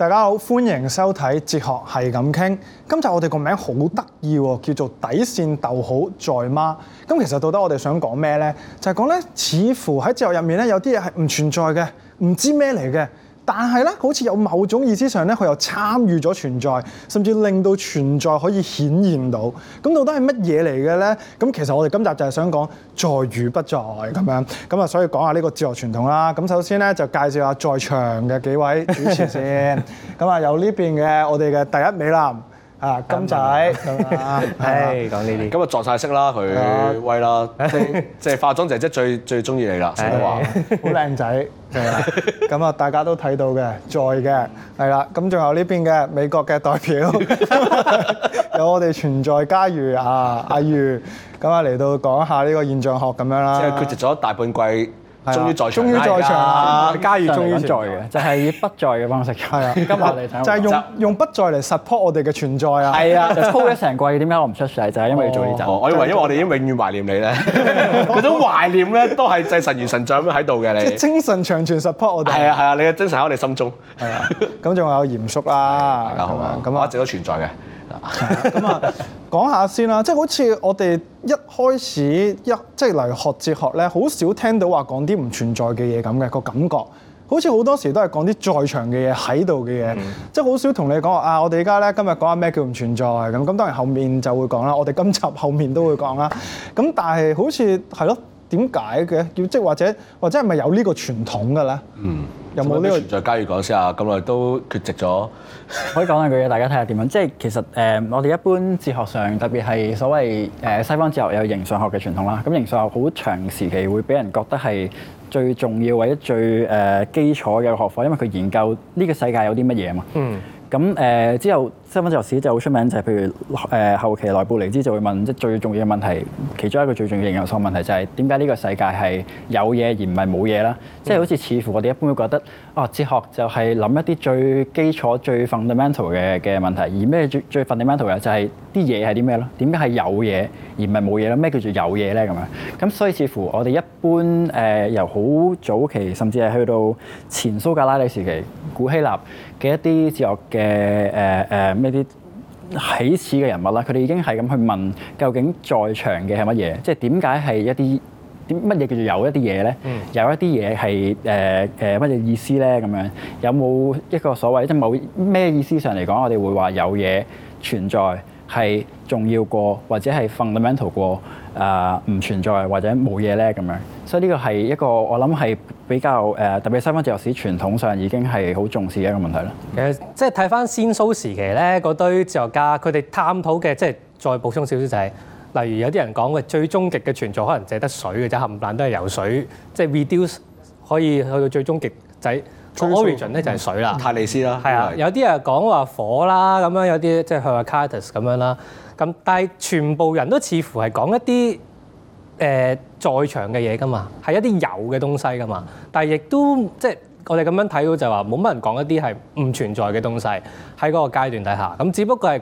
大家好，歡迎收睇《哲學係咁傾》。今集我哋個名好得意喎，叫做《底線逗號，在嗎？》咁其實到底我哋想講咩咧？就係講咧，似乎喺哲學入面咧，有啲嘢係唔存在嘅，唔知咩嚟嘅。但係咧，好似有某種意思上咧，佢又參與咗存在，甚至令到存在可以顯現到。咁到底係乜嘢嚟嘅咧？咁其實我哋今集就係想講在與不在咁樣。咁啊，所以講下呢個哲學傳統啦。咁首先咧，就介紹下在場嘅幾位主持先。咁啊，由呢邊嘅我哋嘅第一美男。啊，金仔，係講呢啲，咁啊撞曬色啦，佢威啦，即即化妝姐姐最最中意你啦，實話，好靚仔，係啦，咁啊大家都睇到嘅，在嘅，係啦，咁仲有呢邊嘅美國嘅代表，有我哋存在家裕啊，阿裕，咁啊嚟到講下呢個現象學咁樣啦，即缺席咗大半季。終於在場啦！家裕終於在嘅，就係以不在嘅方式。係啊，今日嚟就係用用不在嚟 support 我哋嘅存在啊！係啊，就 support 咗成季，點解我唔出世？就係因為要做呢集。我以為因為我哋已經永遠懷念你咧，嗰種懷念咧都係就係祭神如神在咁喺度嘅你。精神長存，support 我哋。係啊係啊，你嘅精神喺我哋心中。係啊，咁仲有嚴叔啦，係啊，咁我一直都存在嘅。咁 啊，講下先啦，即、就、係、是、好似我哋一開始一即係嚟學哲學咧，好少聽到話講啲唔存在嘅嘢咁嘅個感覺，好似好多時都係講啲在場嘅嘢喺度嘅嘢，即係好少同你講話啊！我哋而家咧，今日講下咩叫唔存在咁咁，當然後面就會講啦，我哋今集後面都會講啦。咁但係好似係咯，點解嘅叫即或者或者係咪有呢個傳統嘅咧？嗯，有沒有、這個，有冇呢個存在家裡說？家裕講先啊，咁耐都缺席咗。可以講兩句嘢，大家睇下點樣。即係其實誒、呃，我哋一般哲學上，特別係所謂誒、呃、西方哲學有形上學嘅傳統啦。咁形上學好長時期會俾人覺得係最重要或者最誒、呃、基礎嘅學科，因為佢研究呢個世界有啲乜嘢啊嘛。嗯咁誒、呃、之後，新聞又史就好出名，就係、是、譬如誒、呃、後期萊布尼茲就會問，即係最重要嘅問題，其中一個最重要嘅研究問題就係點解呢個世界係有嘢而唔係冇嘢啦？即係、嗯、好似似乎我哋一般會覺得，哦哲學就係諗一啲最基礎、最 fundamental 嘅嘅問題，而咩最最 fundamental 嘅就係啲嘢係啲咩咯？點解係有嘢而唔係冇嘢啦？咩叫做有嘢咧咁樣？咁所以似乎我哋一般、呃、由好早期，甚至係去到前蘇格拉底時期、古希臘，嘅一啲哲學嘅誒誒咩啲起始嘅人物啦，佢哋已經係咁去問究竟在場嘅係乜嘢？即係點解係一啲點乜嘢叫做有一啲嘢咧？嗯、有一啲嘢係誒誒乜嘢意思咧？咁樣，有冇一個所謂即係冇咩意思上嚟講，我哋會話有嘢存在。係重要過或者係 fundamental 過啊，唔、呃、存在或者冇嘢咧，咁樣，所以呢個係一個我諗係比較誒、呃、特別西方哲學史傳統上已經係好重視嘅一個問題啦。其實即係睇翻先蘇時期咧，嗰堆哲學家佢哋探討嘅，即係再補充少少就係、是，例如有啲人講嘅最終極嘅存在可能淨係得水嘅，啫，冚唪唥都係游水，即係 reduce 可以去到最終極仔。origin 咧就係水啦，泰利斯啦，係啊。有啲人講話火啦，咁樣有啲即係佢話卡特斯咁樣啦。咁但係全部人都似乎係講一啲誒在場嘅嘢㗎嘛，係一啲有嘅東西㗎嘛。但係亦都即係我哋咁樣睇到就話冇乜人講一啲係唔存在嘅東西喺嗰個階段底下。咁只不過係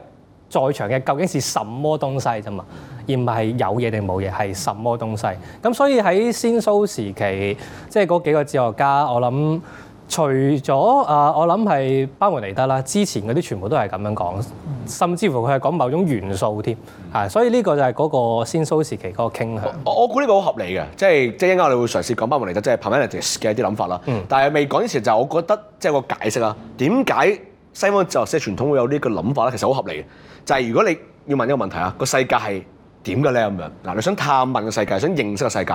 在場嘅究竟是什麼東西啫嘛，而唔係有嘢定冇嘢係什麼東西。咁所以喺先蘇時期，即係嗰幾個哲學家，我諗。除咗啊，我諗係巴梅尼德啦，之前嗰啲全部都係咁樣講，甚至乎佢係講某種元素添，所以呢個就係嗰個先蘇時期嗰個傾向。我估呢個好合理嘅，即係即係一陣間我哋會嘗試講巴梅尼德，即、就、係、是、Parmenides 嘅一啲諗法啦。嗯、但係未講之前就是、我覺得即係、就是、個解釋啦，點解西方哲學、就是、傳統會有呢個諗法咧？其實好合理嘅，就係、是、如果你要問一個問題啊，個世界係點嘅咧？咁樣嗱，你想探問個世界，想認識個世界，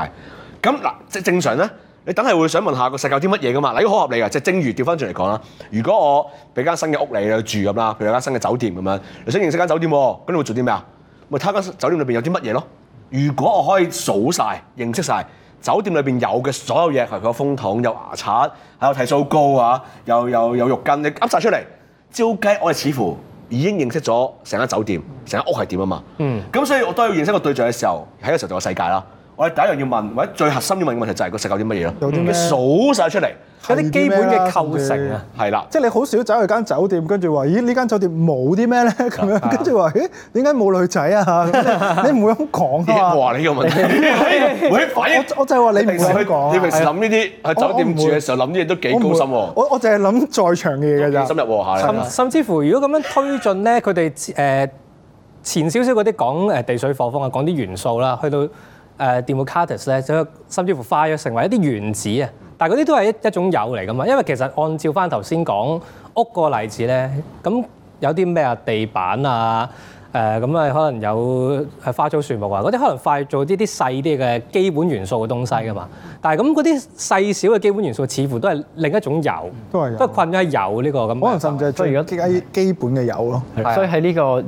咁嗱即正常呢。你等係會想問下個世界有啲乜嘢噶嘛？嗱，呢個好合理嘅，即係正如調翻轉嚟講啦。如果我俾間新嘅屋你去住咁啦，譬如有間新嘅酒店咁樣，你想認識間酒店，咁你會做啲咩啊？咪睇間酒店裏面有啲乜嘢咯？如果我可以數晒認識晒酒店裏面有嘅所有嘢，係佢有風筒、有牙刷、有剃鬚膏啊，又又有，有浴巾，你噏晒出嚟，照計我哋似乎已經認識咗成間酒店、成間屋係點啊嘛。嗯。咁所以我當要認識個對象嘅時候，喺個時候就個世界啦。我哋第一樣要問，或者最核心要問嘅問題就係個世界有啲乜嘢咯？你數晒出嚟，有啲基本嘅構成啊。係啦，即係你好少走去間酒店，跟住話咦呢間酒店冇啲咩咧咁樣，跟住話咦點解冇女仔啊？你唔會咁講啊？哇！你個問題，喂，我我就話你唔會講。你平時諗呢啲喺酒店住嘅時候諗啲嘢都幾高深喎。我我淨係諗在場嘅嘢㗎咋。深入喎，係甚甚至乎，如果咁樣推進咧，佢哋誒前少少嗰啲講誒地水火風啊，講啲元素啦，去到。誒 Democritus 咧，甚至乎化約成為一啲原子啊！但係嗰啲都係一一種油嚟㗎嘛，因為其實按照翻頭先講屋個例子咧，咁有啲咩啊地板啊，誒咁啊可能有花草樹木啊，嗰啲可能快做啲啲細啲嘅基本元素嘅東西㗎嘛。但係咁嗰啲細小嘅基本元素，似乎都係另一種油，都係都係困咗喺油呢個咁。可能甚至係最基基本嘅油咯。所以喺呢個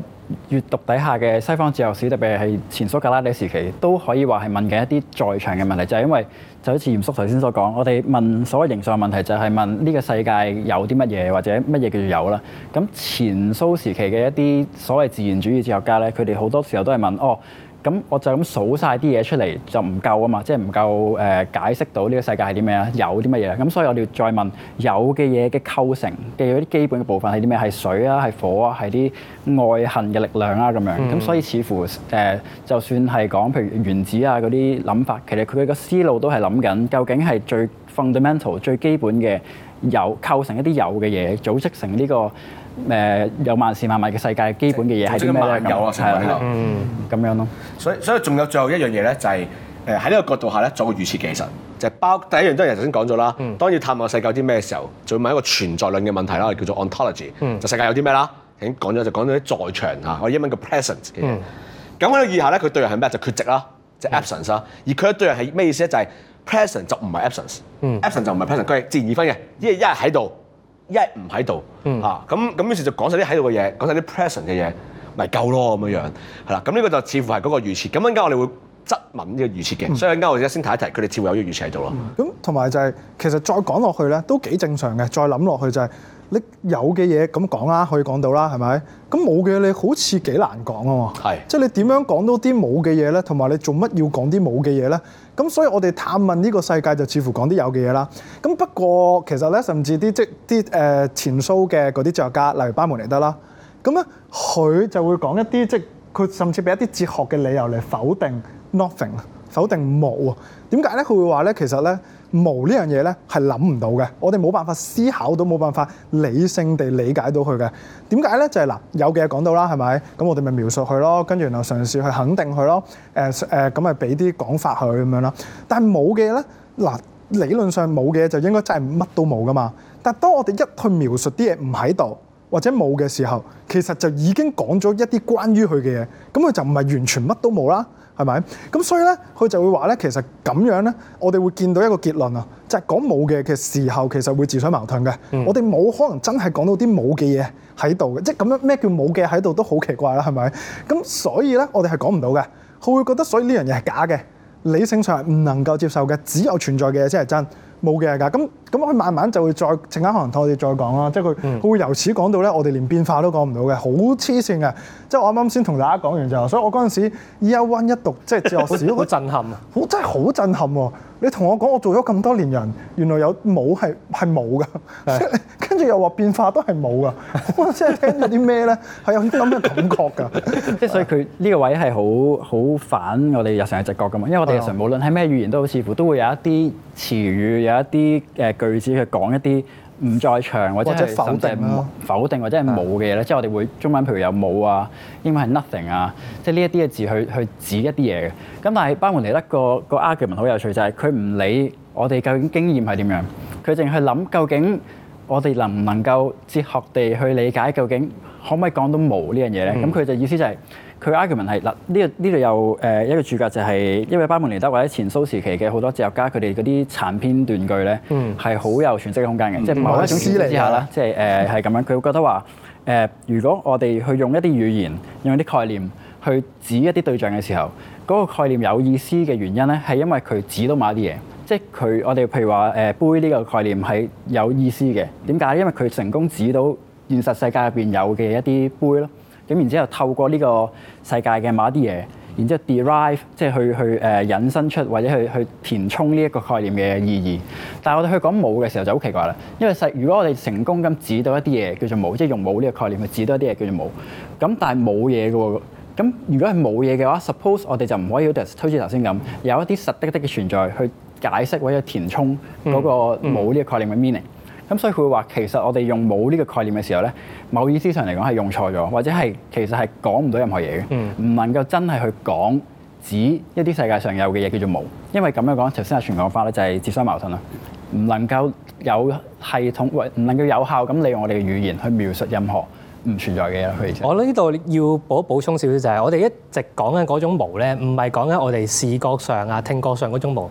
閱讀底下嘅西方哲學史，特別係前蘇格拉底時期，都可以話係問緊一啲在場嘅問題，就係、是、因為就好似嚴叔頭先所講，我哋問所謂形上的問題，就係、是、問呢個世界有啲乜嘢或者乜嘢叫做有啦。咁前蘇時期嘅一啲所謂自然主義哲學家咧，佢哋好多時候都係問哦。咁我就咁數晒啲嘢出嚟就唔夠啊嘛，即係唔夠誒、呃、解釋到呢個世界係啲咩啊，有啲乜嘢？咁所以我哋再問有嘅嘢嘅構成嘅嗰啲基本嘅部分係啲咩？係水啊，係火啊，係啲愛恨嘅力量啊咁樣。咁、嗯、所以似乎誒、呃，就算係講譬如原子啊嗰啲諗法，其實佢嘅思路都係諗緊究竟係最 fundamental 最基本嘅有構成一啲有嘅嘢，組織成呢、這個。誒、呃、有萬事萬物嘅世界基本嘅嘢係咩有啊？係咪咁樣咯？所以所以仲有最後一樣嘢咧，就係誒喺呢個角度下咧，做個預設嘅嘢，就係、是、包括第一樣真係頭先講咗啦。嗯、當要探問世界有啲咩時候，就會問一個存在論嘅問題啦，叫做 ontology，、嗯、就世界有啲咩啦？已經講咗就講咗啲在場啊，嗯、我英文叫 presence 嘅嘢。咁喺佢以下咧，佢對人係咩？就缺席啦，即、就、係、是、absence 啦、嗯。而佢對人係咩意思咧？就係、是、presence 就唔係 absence，absence 就唔係 presence，佢係自然二分嘅，因為一係一係喺度。一唔喺度嚇，咁咁於是就講晒啲喺度嘅嘢，講晒啲 present 嘅嘢，咪夠咯咁樣樣，係啦。咁呢、這個就似乎係嗰個預設。咁陣間我哋會質問呢個預設嘅。嗯、所以陣間我哋而家先提一提，佢哋似乎有呢個預設喺度咯。咁同埋就係、是，其實再講落去咧都幾正常嘅。再諗落去就係、是。你有嘅嘢咁講啦，可以講到啦，係咪？咁冇嘅你好似幾難講啊？喎是，即係你點樣講到啲冇嘅嘢咧？同埋你做乜要講啲冇嘅嘢咧？咁所以我哋探問呢個世界就似乎講啲有嘅嘢啦。咁不過其實咧，甚至啲即啲誒前蘇嘅嗰啲哲學家，例如巴門尼德啦，咁咧佢就會講一啲即係佢甚至俾一啲哲學嘅理由嚟否定 nothing，否定冇啊。點解咧？佢會話咧，其實咧。冇呢樣嘢咧，係諗唔到嘅。我哋冇辦法思考到，冇辦法理性地理解到佢嘅。點解咧？就係嗱，有嘅嘢講到啦，係咪？咁我哋咪描述佢咯，跟住然後嘗試去肯定佢咯。誒誒，咁咪俾啲講法佢咁樣啦。但係冇嘅嘢咧，嗱理論上冇嘅嘢就應該真係乜都冇㗎嘛。但係當我哋一去描述啲嘢唔喺度或者冇嘅時候，其實就已經講咗一啲關於佢嘅嘢。咁佢就唔係完全乜都冇啦。係咪？咁所以咧，佢就會話咧，其實咁樣咧，我哋會見到一個結論啊，就係、是、講冇嘅嘅時候，其實會自相矛盾嘅。嗯、我哋冇可能真係講到啲冇嘅嘢喺度嘅，即係咁樣咩叫冇嘅喺度都好奇怪啦，係咪？咁所以咧，我哋係講唔到嘅。佢會覺得所以呢樣嘢係假嘅，理性上係唔能夠接受嘅，只有存在嘅嘢先係真。冇嘅㗎，咁咁佢慢慢就會再陣間可能同我哋再講啦，即係佢會由此講到咧，我哋連變化都講唔到嘅，好黐線嘅。即係我啱啱先同大家講完就，所以我嗰陣時 Year One 一讀即係《哲學史》，好 震撼啊！好真係好震撼喎！你同我講我做咗咁多年人，原來有冇係係冇嘅，跟住的又話變化都係冇嘅， 我真係聽到啲咩咧係有啲咁嘅感覺㗎。即係 所以佢呢個位係好好反我哋日常嘅直覺㗎嘛，因為我哋日常的無論係咩語言都似乎都會有一啲詞語一啲嘅、呃、句子去講一啲唔在場或者係否定、啊、否定或者係冇嘅嘢咧，是的 即係我哋會中文，譬如有冇啊，英文係 nothing 啊，即係呢一啲嘅字去去指一啲嘢嘅。咁但係巴門尼德個個 argument 好有趣，就係佢唔理我哋究竟經驗係點樣，佢淨係諗究竟我哋能唔能夠哲學地去理解，究竟可唔可以講到冇呢樣嘢咧？咁佢就意思就係、是。佢 argument 係，嗱，呢個呢度又誒一個主角，就係因為巴門尼德或者前蘇時期嘅好多哲學家，佢哋嗰啲殘篇斷句咧係好有詮釋嘅空間嘅，嗯、即係某一種視野之下啦，即係誒係咁樣。佢會覺得話誒、呃，如果我哋去用一啲語言、用一啲概念去指一啲對象嘅時候，嗰、嗰個概念有意思嘅原因咧，係因為佢指到某一啲嘢。即係佢我哋譬如話誒、呃、杯呢個概念係有意思嘅，點解？因為佢成功指到現實世界入邊有嘅一啲杯咯。咁然之後透過呢個世界嘅某一啲嘢，然之後 derive 即係去去、呃、引申出或者去去填充呢一個概念嘅意義。但係我哋去講冇嘅時候就好奇怪啦，因為實如果我哋成功咁指到一啲嘢叫做冇，即係用冇呢個概念去指到一啲嘢叫做冇。咁但係冇嘢嘅喎。咁如果係冇嘢嘅話，suppose 我哋就唔可以好似推頭先咁，有一啲實的的嘅存在去解釋或者填充嗰個冇呢個概念嘅 meaning。嗯嗯。咁所以佢會話，其實我哋用冇呢個概念嘅時候咧，某意思上嚟講係用錯咗，或者係其實係講唔到任何嘢嘅，唔、嗯、能夠真係去講指一啲世界上有嘅嘢叫做冇，因為咁樣講，頭先阿全講法咧就係接相矛盾啦，唔能夠有系統，喂，唔能夠有效咁利用我哋嘅語言去描述任何唔存在嘅嘢。佢哋就我呢度要補補充少少就係、是，我哋一直講嘅嗰種冇咧，唔係講緊我哋視覺上啊、聽覺上嗰種冇，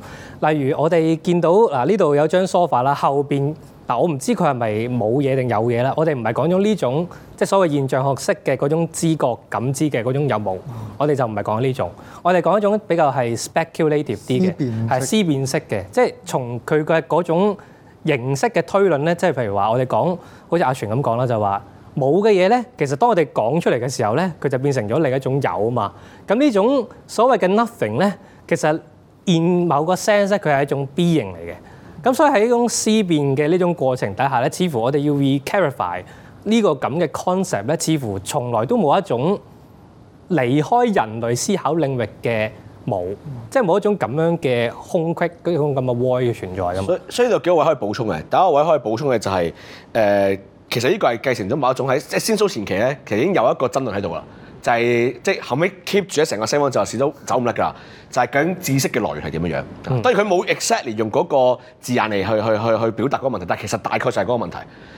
例如我哋見到嗱呢度有張梳化 f 啦，後邊。嗱，我唔知佢係咪冇嘢定有嘢啦。我哋唔係講咗呢種即係所謂現象學式嘅嗰種知覺感知嘅嗰種有冇，我哋就唔係講呢種。我哋講一種比較係 speculative 啲嘅，係思辨式嘅，即係從佢嘅嗰種形式嘅推論咧，即係譬如話我哋講，好似阿泉咁講啦，就話冇嘅嘢咧，其實當我哋講出嚟嘅時候咧，佢就變成咗另一種有嘛。咁呢種所謂嘅 nothing 咧，其實 in 某個 sense 咧，佢係一種 being 嚟嘅。咁所以喺呢種思辨嘅呢種過程底下咧，似乎我哋要 clarify 呢個咁嘅 concept 咧，似乎從來都冇一種離開人類思考領域嘅冇，嗯、即係冇一種咁樣嘅空隙嗰種咁嘅 void 嘅存在㗎嘛。所以，所以有幾個位可以補充嘅。第一個位可以補充嘅就係、是、誒、呃，其實呢個係繼承咗某一種喺即係先蘇前期咧，其實已經有一個爭論喺度啦。就係、是、即係後尾 keep 住咗成個西方就史都走唔甩㗎，就係、是、究竟知識嘅來源係點樣樣？嗯、當然佢冇 exactly 用嗰個字眼嚟去去去去表達嗰個問題，但係其實大概就係嗰個問題，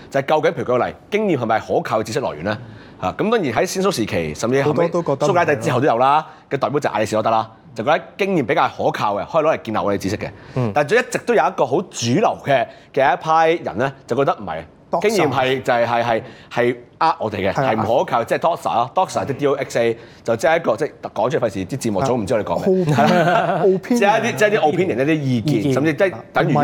就係、是、究竟譬如舉個例，經驗係咪可靠嘅知識來源咧？嚇咁、嗯啊、當然喺先蘇時期甚至係蘇格拉底之後都有啦，嘅、啊、代表就係亞里斯多德啦，就覺得經驗比較可靠嘅，可以攞嚟建立我哋知識嘅。嗯。但係就一直都有一個好主流嘅嘅一派人咧，就覺得唔係。經驗係就係係係呃我哋嘅，係唔可靠，即係 doxa 咯 doxa 即係 doxa 就即係一個即係講出費事啲字幕組唔知我哋講咩，即係一啲即係啲 opinion 一啲意見，甚至即係等於咩？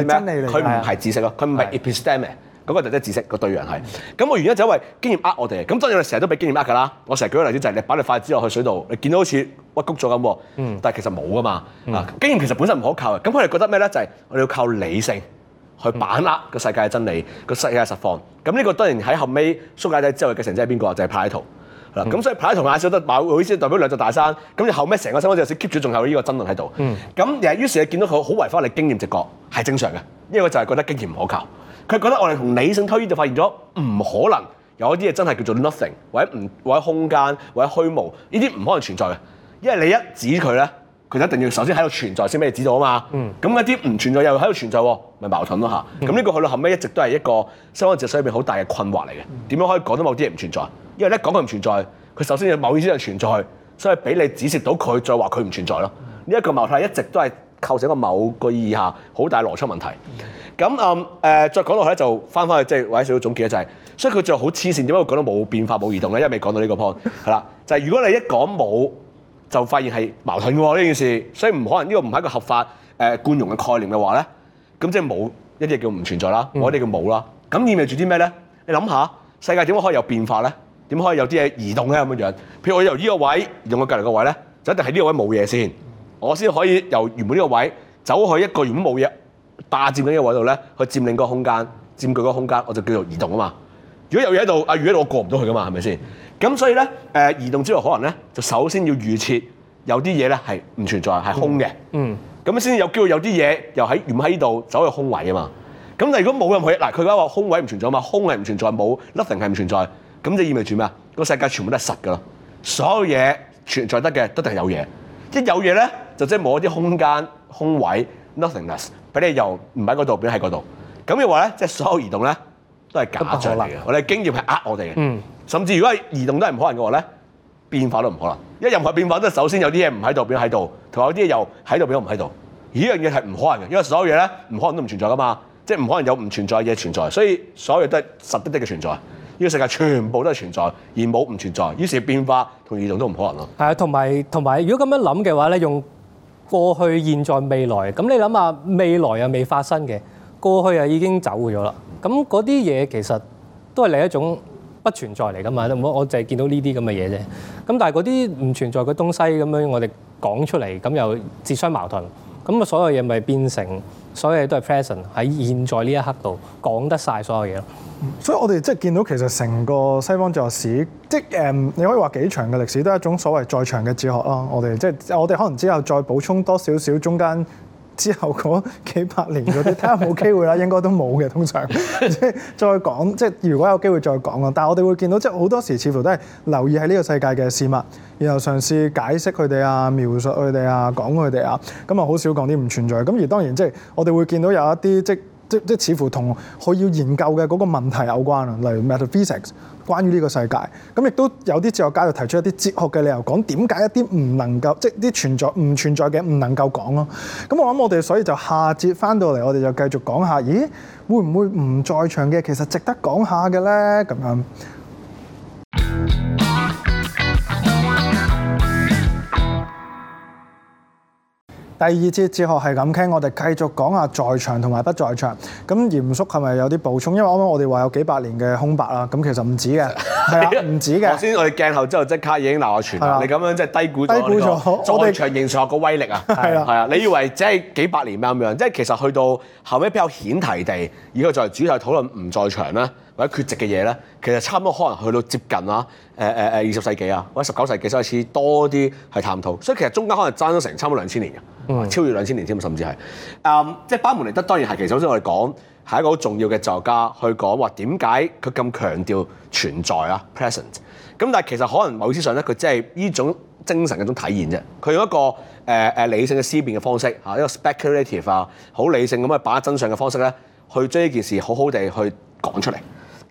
佢唔係知識咯，佢唔係 episteme，嗰個就即係知識個對象係。咁個原因就係因為經驗呃我哋，咁當然我哋成日都俾經驗呃㗎啦。我成日舉個例子就係你擺你筷子落去水度，你見到好似屈曲咗咁，但係其實冇㗎嘛。經驗其實本身唔可靠嘅，咁佢哋覺得咩咧？就係我哋要靠理性。去把握個世界嘅真理，個、嗯、世界實況。咁呢、嗯、個當然喺後尾蘇格拉底之後嘅繼承者係邊個？就係柏拉圖啦。咁、嗯、所以柏拉圖、亞里士多德好似代表兩座大山。咁就後尾成個西方哲學就 keep 住仲有呢個爭論喺度。咁又、嗯、於是你見到佢好違反你經驗直覺，係正常嘅。因為就係覺得經驗唔可靠。佢覺得我哋同理性推移就發現咗唔可能有一啲嘢真係叫做 nothing，或者唔或者空間或者虛無呢啲唔可能存在嘅。因為你一指佢咧。佢一定要首先喺度存在先俾你知道啊嘛，咁一啲唔存在又喺度存在、啊，咪矛盾咯吓，咁呢個去到後尾一直都係一個西方哲學入面好大嘅困惑嚟嘅。點樣可以講到某啲嘢唔存在？因為一講佢唔存在，佢首先要某意思上存在，所以俾你指示到佢，再話佢唔存在咯。呢、這、一個矛盾一直都係構成一個某個意義下好大邏輯問題。咁誒、嗯呃，再講落去咧，就翻返去即係或者少少總結咧，就係、是，所以佢就好黐線點解會講到冇變化冇移動咧？因為未講到呢個 point 係啦，就係、是、如果你一講冇。就發現係矛盾嘅喎呢件事，所以唔可能呢個唔係一個合法誒寬、呃、容嘅概念嘅話咧，咁即係冇一啲叫唔存在啦，我哋叫冇啦。咁意味住啲咩咧？你諗下，世界點解可以有變化咧？點可以有啲嘢移動咧咁樣樣？譬如我由呢個位用去隔離個位咧，就一定係呢個位冇嘢先，我先可以由原本呢個位走去一個原本冇嘢霸佔緊一個位度咧，去佔領個空間、佔據個空間，我就叫做移動啊嘛。如果有嘢喺度，啊，宇喺度，我過唔到去噶嘛，係咪先？咁所以咧，誒、呃、移動之後可能咧，就首先要預設有啲嘢咧係唔存在，係空嘅、嗯。嗯，咁先至有機會有啲嘢又喺唔喺度走去空位啊嘛。咁但係如果冇任何，嗱佢而家話空位唔存在啊嘛，空係唔存在，冇 nothing 係唔存在，咁就意味住咩啊？個世界全部都係實噶咯，所有嘢存在得嘅都一定係有嘢。一有嘢咧，就即係冇一啲空間、空位、nothingness 俾你由唔喺嗰度變喺嗰度。咁嘅話咧，即、就、係、是、所有移動咧，都係假象嚟嘅，的我哋經驗係呃我哋嘅。嗯、甚至如果係移動都係唔可能嘅話咧，變化都唔可能。因為任何變化都首先有啲嘢唔喺度變喺度，同埋有啲嘢又喺度變唔喺度。呢樣嘢係唔可能嘅，因為所有嘢咧唔可能都唔存在噶嘛，即係唔可能有唔存在嘅嘢存在。所以所有嘢都係實滴滴嘅存在，呢個世界全部都係存在而冇唔存在。於是變化同移動都唔可能咯。係啊，同埋同埋，如果咁樣諗嘅話咧，用過去、現在、未來，咁你諗下，未來又未發生嘅，過去又已經走咗啦。咁嗰啲嘢其實都係另一種不存在嚟噶嘛，我我淨係見到呢啲咁嘅嘢啫。咁但係嗰啲唔存在嘅東西咁樣，我哋講出嚟咁又自相矛盾。咁啊，所有嘢咪變成所有嘢都係 present 喺現在呢一刻度，講得晒所有嘢咯。所以我哋即係見到其實成個西方哲學史，即係誒，你可以話幾長嘅歷史，都係一種所謂在場嘅哲學咯。我哋即係我哋可能之後再補充多少少中間。之後嗰幾百年嗰啲，睇下有冇機會啦，應該都冇嘅。通常即係 再講，即係如果有機會再講，但我哋會見到，即係好多時似乎都係留意喺呢個世界嘅事物，然後嘗試解釋佢哋啊，描述佢哋啊，講佢哋啊，咁啊好少講啲唔存在。咁而當然，即係我哋會見到有一啲即即即似乎同佢要研究嘅嗰個問題有關啊，例如 metaphysics，關於呢個世界，咁亦都有啲哲學家就提出一啲哲學嘅理由，講點解一啲唔能夠，即啲存在唔存在嘅唔能夠講咯。咁我諗我哋所以就下節翻到嚟，我哋就繼續講下，咦會唔會唔在場嘅其實值得講下嘅呢？咁樣。第二節哲學係咁傾，我哋繼續講下在場同埋不在場。咁嚴肅係咪有啲補充？因為啱啱我哋話有幾百年嘅空白啦。咁其實唔止嘅，係啊， 唔止嘅。頭先我哋鏡頭之後即刻已經鬧我傳，的你咁樣即係低估咗在場形上學個威力啊！係啊，係啊的，你以為即係幾百年咁樣，即係其實去到後尾比較顯提地，以佢作為主題討論唔在場啦。一缺席嘅嘢咧，其實差唔多可能去到接近啦，誒誒誒二十世紀啊，或者十九世紀先開始多啲去探討，所以其實中間可能爭咗成差唔多兩千年嘅，嗯、超越兩千年添，甚至係，誒、嗯、即係巴門尼德當然係，其實首先我哋講係一個好重要嘅作家，去講話點解佢咁強調存在啊 present，咁但係其實可能某種上咧，佢只係呢種精神嘅一種體現啫，佢用一個誒誒、呃、理性嘅思辨嘅方式嚇，一個 speculative 啊，好理性咁去把握真相嘅方式咧，去將呢件事好好地去講出嚟。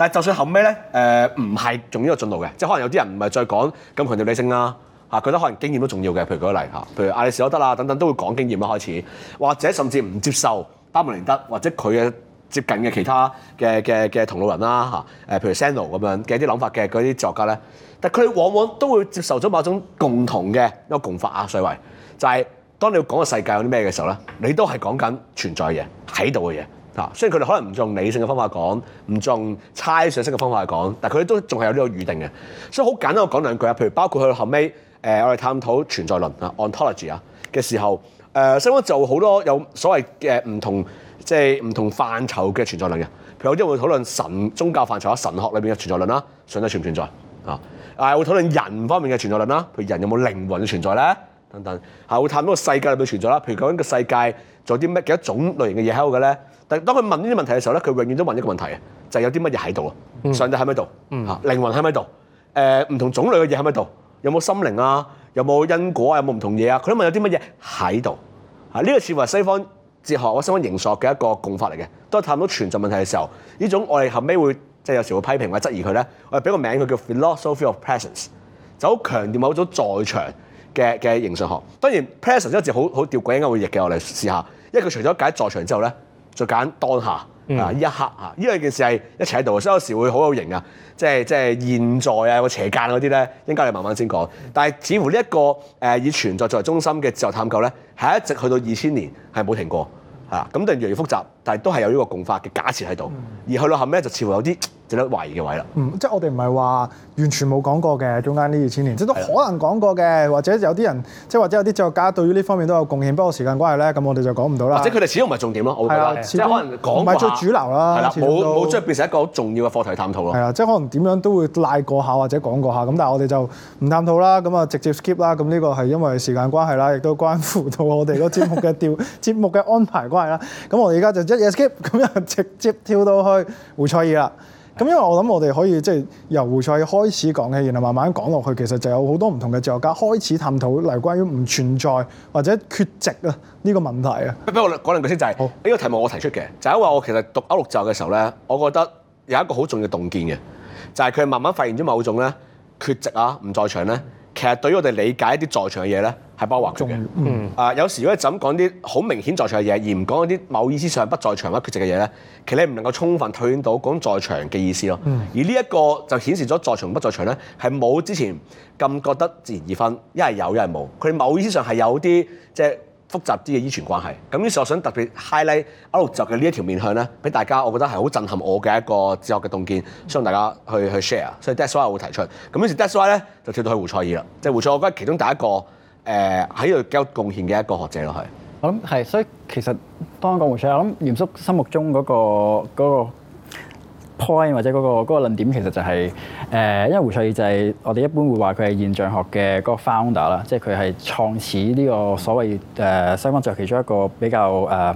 但就算後尾咧，誒唔係仲呢個進路嘅，即係可能有啲人唔係再講咁強調理性啦，嚇佢都可能經驗都重要嘅。譬如舉例嚇，譬如亞里士多德啦，等等都會講經驗啦。一開始或者甚至唔接受巴門尼德或者佢嘅接近嘅其他嘅嘅嘅同路人啦嚇，誒譬如 Sano 咁樣嘅啲諗法嘅嗰啲作家咧，但佢哋往往都會接受咗某種共同嘅一個共法啊，所謂就係、是、當你要講個世界有啲咩嘅時候咧，你都係講緊存在嘅喺度嘅嘢。啊，雖然佢哋可能唔用理性嘅方法講，唔用猜想式嘅方法嚟講，但係佢哋都仲係有呢個預定嘅。所以好簡單，我講兩句啊。譬如包括去到後尾，誒、呃、我哋探討存在論啊，ontology 啊嘅時候，誒、呃、西方就好多有所謂嘅唔同即係唔同範疇嘅存在論嘅。譬如我哋會討論神宗教範疇啦，神學裏邊嘅存在論啦，上帝存唔存在啊？誒會討論人方面嘅存在論啦，譬如人有冇靈魂嘅存在咧？等等嚇，會探到個世界係咪存在啦？譬如講個世界仲有啲咩幾多種類型嘅嘢喺度嘅咧？但係當佢問呢啲問題嘅時候咧，佢永遠都問一個問題啊，就係、是、有啲乜嘢喺度咯？上帝喺唔喺度？嚇，靈魂喺唔喺度？誒、呃，唔同種類嘅嘢喺唔喺度？有冇心靈啊？有冇因果啊？有冇唔同嘢啊？佢都問有啲乜嘢喺度？嚇，呢個似乎係西方哲學或者西方形上學嘅一個共法嚟嘅。當探到存在問題嘅時候，呢種我哋後尾會即係、就是、有時候會批評或質疑佢咧。我哋俾個名佢叫 philosophy of presence，就好強調某種在場。嘅嘅形上學，當然 present 一直好好吊詭，應該會譯嘅。我嚟試下，因為佢除咗解在場之後咧，就揀當下啊，嗯、一刻啊，呢兩件事係一齊喺度，所以有時會好有型啊，即係即係現在啊，個斜間嗰啲咧，應該你慢慢先講。但係似乎呢、這、一個誒、呃、以存在作為中心嘅自由探究咧，係一直去到二千年係冇停過嚇，咁、啊、越嚟越複雜。但係都係有呢個共發嘅假設喺度，嗯、而去到後尾就似乎有啲值得懷疑嘅位啦、嗯。即係我哋唔係話完全冇講過嘅中間呢二千年，即都可能講過嘅，是的 或者有啲人，即係或者有啲作家對於呢方面都有貢獻。不過時間關係咧，咁我哋就講唔到啦。即係佢哋始終唔係重點咯，我覺得。始終 即係可能講唔係最主流啦。係啦，冇冇即係變成一個好重要嘅課題探討咯。係啊，即係可能點樣都會拉過一下或者講過下，咁但係我哋就唔探討啦，咁啊直接 skip 啦。咁呢個係因為時間關係啦，亦都關乎到我哋個節目嘅調 節目嘅安排關係啦。咁我哋而家就，一 escape 咁又直接跳到去胡塞爾啦。咁是的 因為我諗我哋可以即係、就是、由胡塞爾開始講起，然後慢慢講落去，其實就有好多唔同嘅哲學家開始探討，例如關於唔存在或者缺席啊呢個問題啊。不如我講兩句先就係、是。好，呢個題目我提出嘅就是、因為我其實讀歐陸就嘅時候咧，我覺得有一個好重要嘅洞見嘅，就係、是、佢慢慢發現咗某種咧缺席啊，唔在場咧。其實對於我哋理解一啲在場嘅嘢咧，係包含咗嘅。嗯。啊，有時如果你就咁講啲好明顯在場嘅嘢，而唔講嗰啲某意思上不在場或缺席嘅嘢咧，其實你唔能夠充分推斷到講在場嘅意思咯。嗯。而呢一個就顯示咗在場不在場咧，係冇之前咁覺得自然二分，一係有一係冇。佢某意思上係有啲即係，複雜啲嘅依存關係，咁於是我想特別 highlight 歐陸集嘅呢一條面向咧，俾大家，我覺得係好震撼我嘅一個哲學嘅洞見，希望大家去去 share。所以 that's why 我會提出，咁於是 that's why 咧就跳到去胡塞爾啦，即係胡塞爾我覺得其中第一個誒喺度交貢獻嘅一個學者咯，我諗係，所以其實當講胡塞爾，我諗嚴肅心目中嗰個嗰個。那個 Point 或者嗰個嗰個論點其實就係、是、誒、呃、因為胡塞爾就係、是、我哋一般會話佢係現象學嘅嗰個 founder 啦，即係佢係創始呢個所謂誒、呃、西方哲學其中一個比較誒、呃、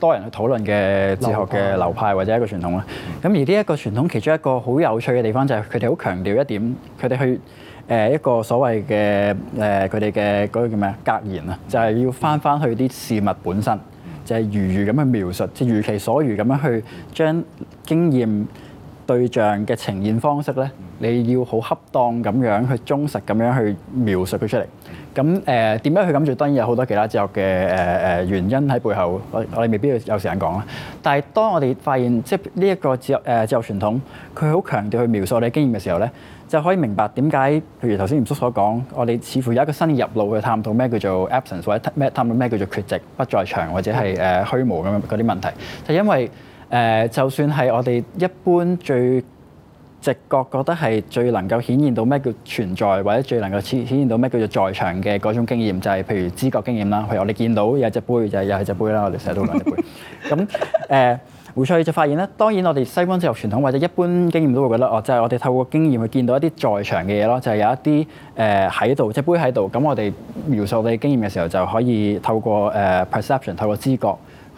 多人去討論嘅哲學嘅流派，或者一個傳統啦。咁而呢一個傳統其中一個好有趣嘅地方就係佢哋好強調一點，佢哋去誒、呃、一個所謂嘅誒佢哋嘅嗰個叫咩？格言啊，就係、是、要翻返去啲事物本身。就係如如咁去描述，即係如其所如咁樣去將經驗對象嘅呈現方式咧，你要好恰當咁樣去忠實咁樣去描述佢出嚟。咁誒點樣去咁做？當然有好多其他哲學嘅誒誒原因喺背後，我我哋未必要有時間講啦。但係當我哋發現即係呢一個哲學誒哲學傳統，佢好強調去描述我哋嘅經驗嘅時候咧，就可以明白點解，譬如頭先吳叔所講，我哋似乎有一個新嘅入路去探討咩叫做 absence 或者咩探討咩叫做缺席、不在場或者係誒、呃、虛無咁嗰啲問題。就是、因為、呃、就算係我哋一般最直覺覺得係最能夠顯現到咩叫存在，或者最能夠顯現到咩叫做在場嘅嗰種經驗，就係、是、譬如知覺經驗啦。譬如我哋見到有隻杯就係又係隻杯啦，我哋成日都講隻杯咁 胡塞爾就發現咧，當然我哋西方哲學傳統或者一般經驗都會覺得，哦，就係、是、我哋透過經驗去見到一啲在場嘅嘢咯，就係、是、有一啲誒喺度，即、呃就是、杯喺度。咁我哋描述你經驗嘅時候，就可以透過誒、呃、perception，透過知覺，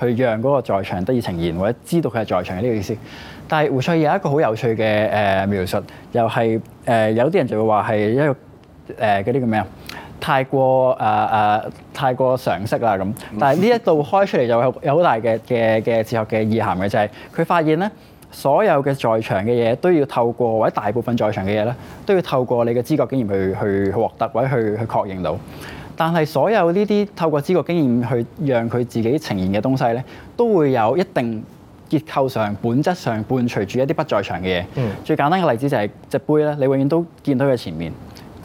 去讓嗰個在場得以呈現，或者知道佢係在場嘅呢個意思。但係胡塞爾有一個好有趣嘅誒、呃、描述，又係誒、呃、有啲人就會話係一個誒嗰啲叫咩啊？呃太過誒誒、呃、太過常識啦咁，但係呢一度開出嚟就有有好大嘅嘅嘅哲學嘅意涵嘅，就係、是、佢發現咧，所有嘅在場嘅嘢都要透過，或者大部分在場嘅嘢咧，都要透過你嘅知覺經驗去去獲得或者去去確認到。但係所有呢啲透過知覺經驗去讓佢自己呈現嘅東西咧，都會有一定結構上、本質上伴隨住一啲不在場嘅嘢。嗯、最簡單嘅例子就係、是、隻杯咧，你永遠都見到佢前面。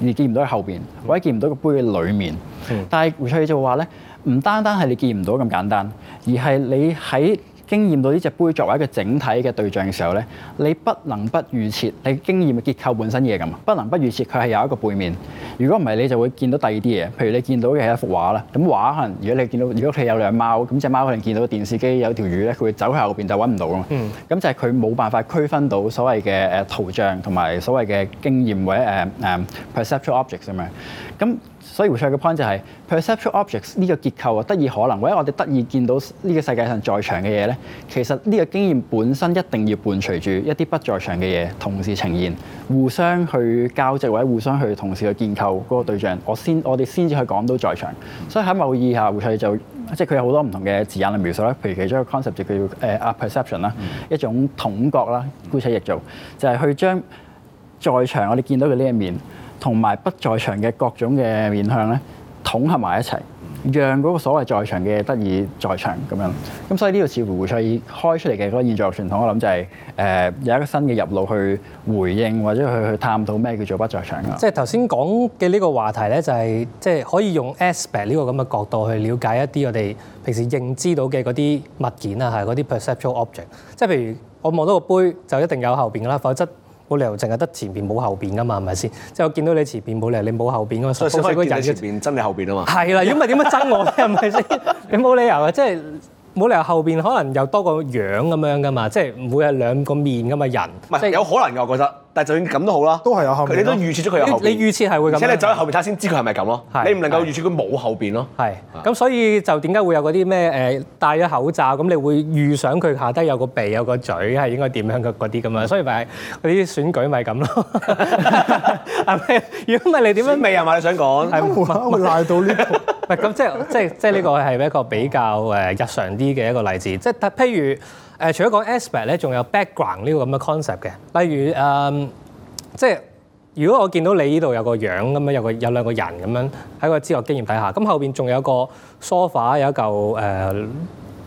你見唔到喺後邊，或者見唔到個杯嘅裏面，嗯、但係胡塞爾就話咧，唔單單係你見唔到咁簡單，而係你喺經驗到呢隻杯作為一個整體嘅對象嘅時候咧，你不能不預設你經驗嘅結構本身嘢，咁不能不預設佢係有一個背面。如果唔係，你就會見到第二啲嘢，譬如你見到嘅係一幅畫啦。咁畫可能，如果你見到，如果佢有兩貓，咁隻貓可能見到電視機有條魚咧，佢會走喺後邊就揾唔到啊嘛。咁、嗯、就係佢冇辦法區分到所謂嘅誒圖像同埋所謂嘅經驗或者誒誒 perceptual objects 咁樣。Uh, uh, 所以胡塞嘅 point 就係、是、perceptual objects 呢個結構啊，得以可能或者我哋得以見到呢個世界上在場嘅嘢咧，其實呢個經驗本身一定要伴隨住一啲不在場嘅嘢同時呈現，互相去交集或者互相去同時去建構嗰個對象。我先我哋先至去講到在場。所以喺某意義下，胡塞就即係佢有好多唔同嘅字眼嘅描述啦。譬如其中一個 concept 佢叫 perception 啦，uh, perception, mm. 一種統覺啦。姑且譯做就係去將在場我哋見到嘅呢一面。同埋不在場嘅各種嘅面向咧，統合埋一齊，讓嗰個所謂在場嘅得以在場咁樣。咁所以呢度似乎會所以開出嚟嘅嗰個現象學傳統，我諗就係、是、誒、呃、有一個新嘅入路去回應或者去去探討咩叫做不在場㗎。即係頭先講嘅呢個話題咧，就係即係可以用 aspect 呢個咁嘅角度去了解一啲我哋平時認知到嘅嗰啲物件啊，係嗰啲 perceptual object。即係譬如我望到個杯，就一定有後邊㗎啦，否則。冇理由淨係得前面冇後面噶嘛，係咪先？即係我見到你前面冇理由，你冇後邊嗰個，所以人以見前邊真你後邊啊嘛。係啦，如果唔係點樣憎我咧？係咪先？你冇理由嘅，即係冇理由後邊可能又多個樣咁樣噶嘛，即係唔會係兩個面咁嘅人。唔係不，即有可能噶，我覺得。但就算咁都好啦，都係有後面，你都預設咗佢有後邊，你預設係會咁，而且你走喺後面睇先知佢係咪咁咯。你唔能夠預設佢冇後邊咯。係。咁所以就點解會有嗰啲咩誒戴咗口罩咁，你會預想佢下低有個鼻，有個嘴，係應該點樣嗰啲咁啊？所以咪嗰啲選舉咪咁咯。如果唔係你點樣未啊嘛？你想講係會會賴到呢？唔係咁，即係即係即係呢個係一個比較誒日常啲嘅一個例子，即係譬如。誒，除咗講 aspect 咧，仲有 background 呢個咁嘅 concept 嘅。例如誒、嗯，即係如果我見到你呢度有個樣咁樣，有個有兩個人咁樣喺個知覺經驗底下，咁後邊仲有一個 sofa，有一嚿誒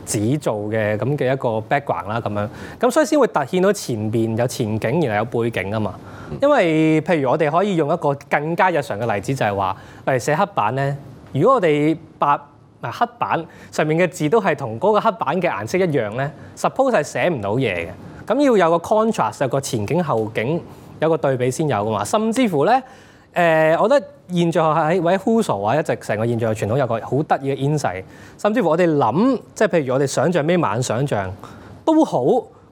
紙做嘅咁嘅一個 background 啦咁樣。咁所以先會凸顯到前邊有前景，然後有背景啊嘛。因為譬如我哋可以用一個更加日常嘅例子，就係話，例如寫黑板咧，如果我哋白。黑板上面嘅字都係同嗰個黑板嘅顏色一樣咧，suppose 係寫唔到嘢嘅。咁要有個 contrast，有個前景後景，有個對比先有噶嘛。甚至乎咧、呃，我覺得現象學喺 Husserl 啊，一直成個現象學傳統有個好得意嘅 insight，甚至乎我哋諗，即係譬如我哋想像咩晚想像都好，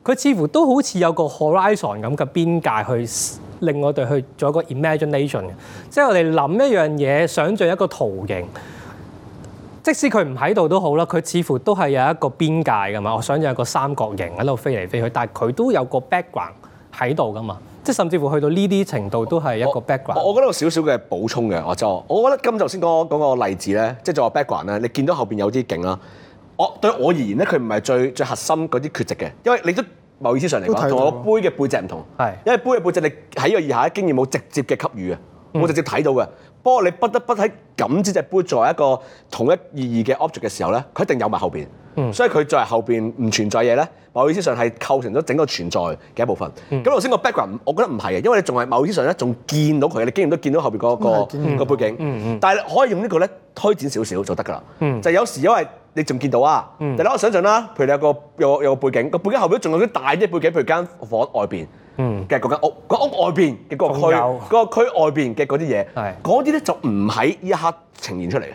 佢似乎都好似有個 horizon 咁嘅邊界去令我哋去做一個 imagination 嘅，即係我哋諗一樣嘢，想像一個圖形。即使佢唔喺度都好啦，佢似乎都係有一個邊界㗎嘛。我想有一個三角形喺度飛嚟飛去，但係佢都有一個 background 喺度㗎嘛。即係甚至乎去到呢啲程度都係一個 background。我覺得有少少嘅補充嘅，我就我覺得今頭先講講個例子咧，即係再 background 咧，你見到後邊有啲景啦。我對我而言咧，佢唔係最最核心嗰啲缺席嘅，因為你都某意思上嚟講，同我的杯嘅背脊唔同。係是的 因為杯嘅背脊，你喺一個以下，經驗冇直接嘅給予嘅，冇、嗯、直接睇到嘅。不過你不得不喺感知呢隻杯作為一個同一意義嘅 object 嘅時候咧，佢一定有埋後邊。嗯、所以佢作為後邊唔存在嘢咧，某意思上係構成咗整個存在嘅一部分。咁頭先個 background，我覺得唔係嘅，因為你仲係某意思上咧，仲見到佢，你經驗都見到後邊嗰個背景。嗯、但係可以用呢個呢個咧，推展少少就得㗎啦。嗯、就有時因為你仲見到啊。嗱，我想象啦，譬如你有個有有個背景，個背景後邊仲有啲大啲背景，譬如間房外邊。嗯，嘅嗰間屋，屋外邊嘅嗰個區，有個區外邊嘅嗰啲嘢，嗰啲咧就唔喺依一刻呈現出嚟嘅。